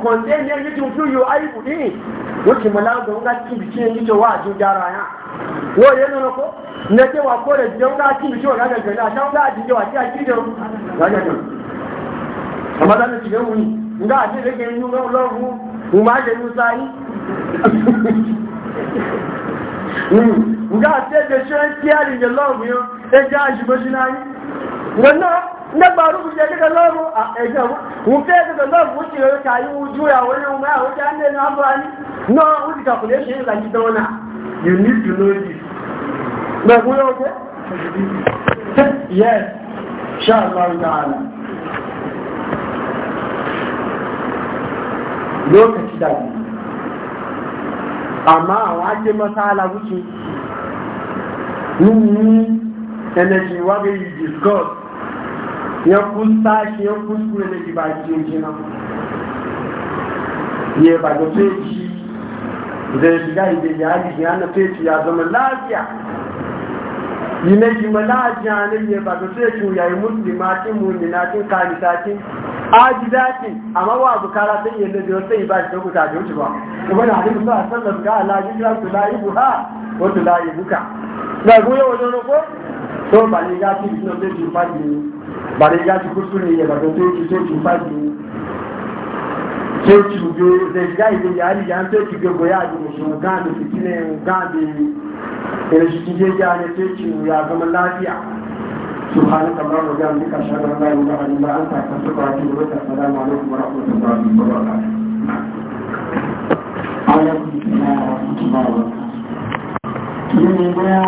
fún ní ẹni tí fún yóò ayé kù níyì wọ́n ti mọ̀ láwùjọ nga kíbi tí ẹni tó wà àjò dára yá wọ́n yẹ lọ́nà kó nẹ́tẹ́ wà kó rẹ̀ jẹ́ nga kíbi tí ọ̀gá gẹ̀gẹ̀ nga àjíjọ àti àjíjọ gàgẹ̀gẹ̀ àmọ́tá ni tìlẹ̀ wù ní nga àjíjọ gẹ̀ yìí nga náà na ba rubu je daga lamu a ejo mu fe daga lamu wuce yo ta yi wuju ya wani mu ya wuce an ne na amfani no wuce ka kule shi you need to know this na ku yo yes sha Allah ta'ala lokaci da amma a wace masala wuce nunu energy wa discuss Yan kusa shi ya kuskure na ji baki yanki nan ya ba da feci zai shiga idan ya yi shi yana feci ya zama lafiya yi na ji lafiya ne ya ba da feci ya yi musulma cin mummina cin kanisa cin aji daɗi amma wa bukara sai yi da zai sai ba shi kuka da wuce ba kuma na hadin a sallar ga ala kira su la ibu ha wato la buka, da goyo wajen ko to ba ni ga na no sai ji fadi ba dai ya ci kuskure ya ba da soci soci fadi soci uge da shiga ibe ya yi ya soci uge goya da musulun gan da fitine gan da rashin jeji ya ne soci ya zama lafiya سبحانك اللهم وبحمدك اشهد ان لا اله الا انت استغفرك واتوب اليك السلام عليكم ورحمه الله وبركاته عليكم السلام ورحمه الله وبركاته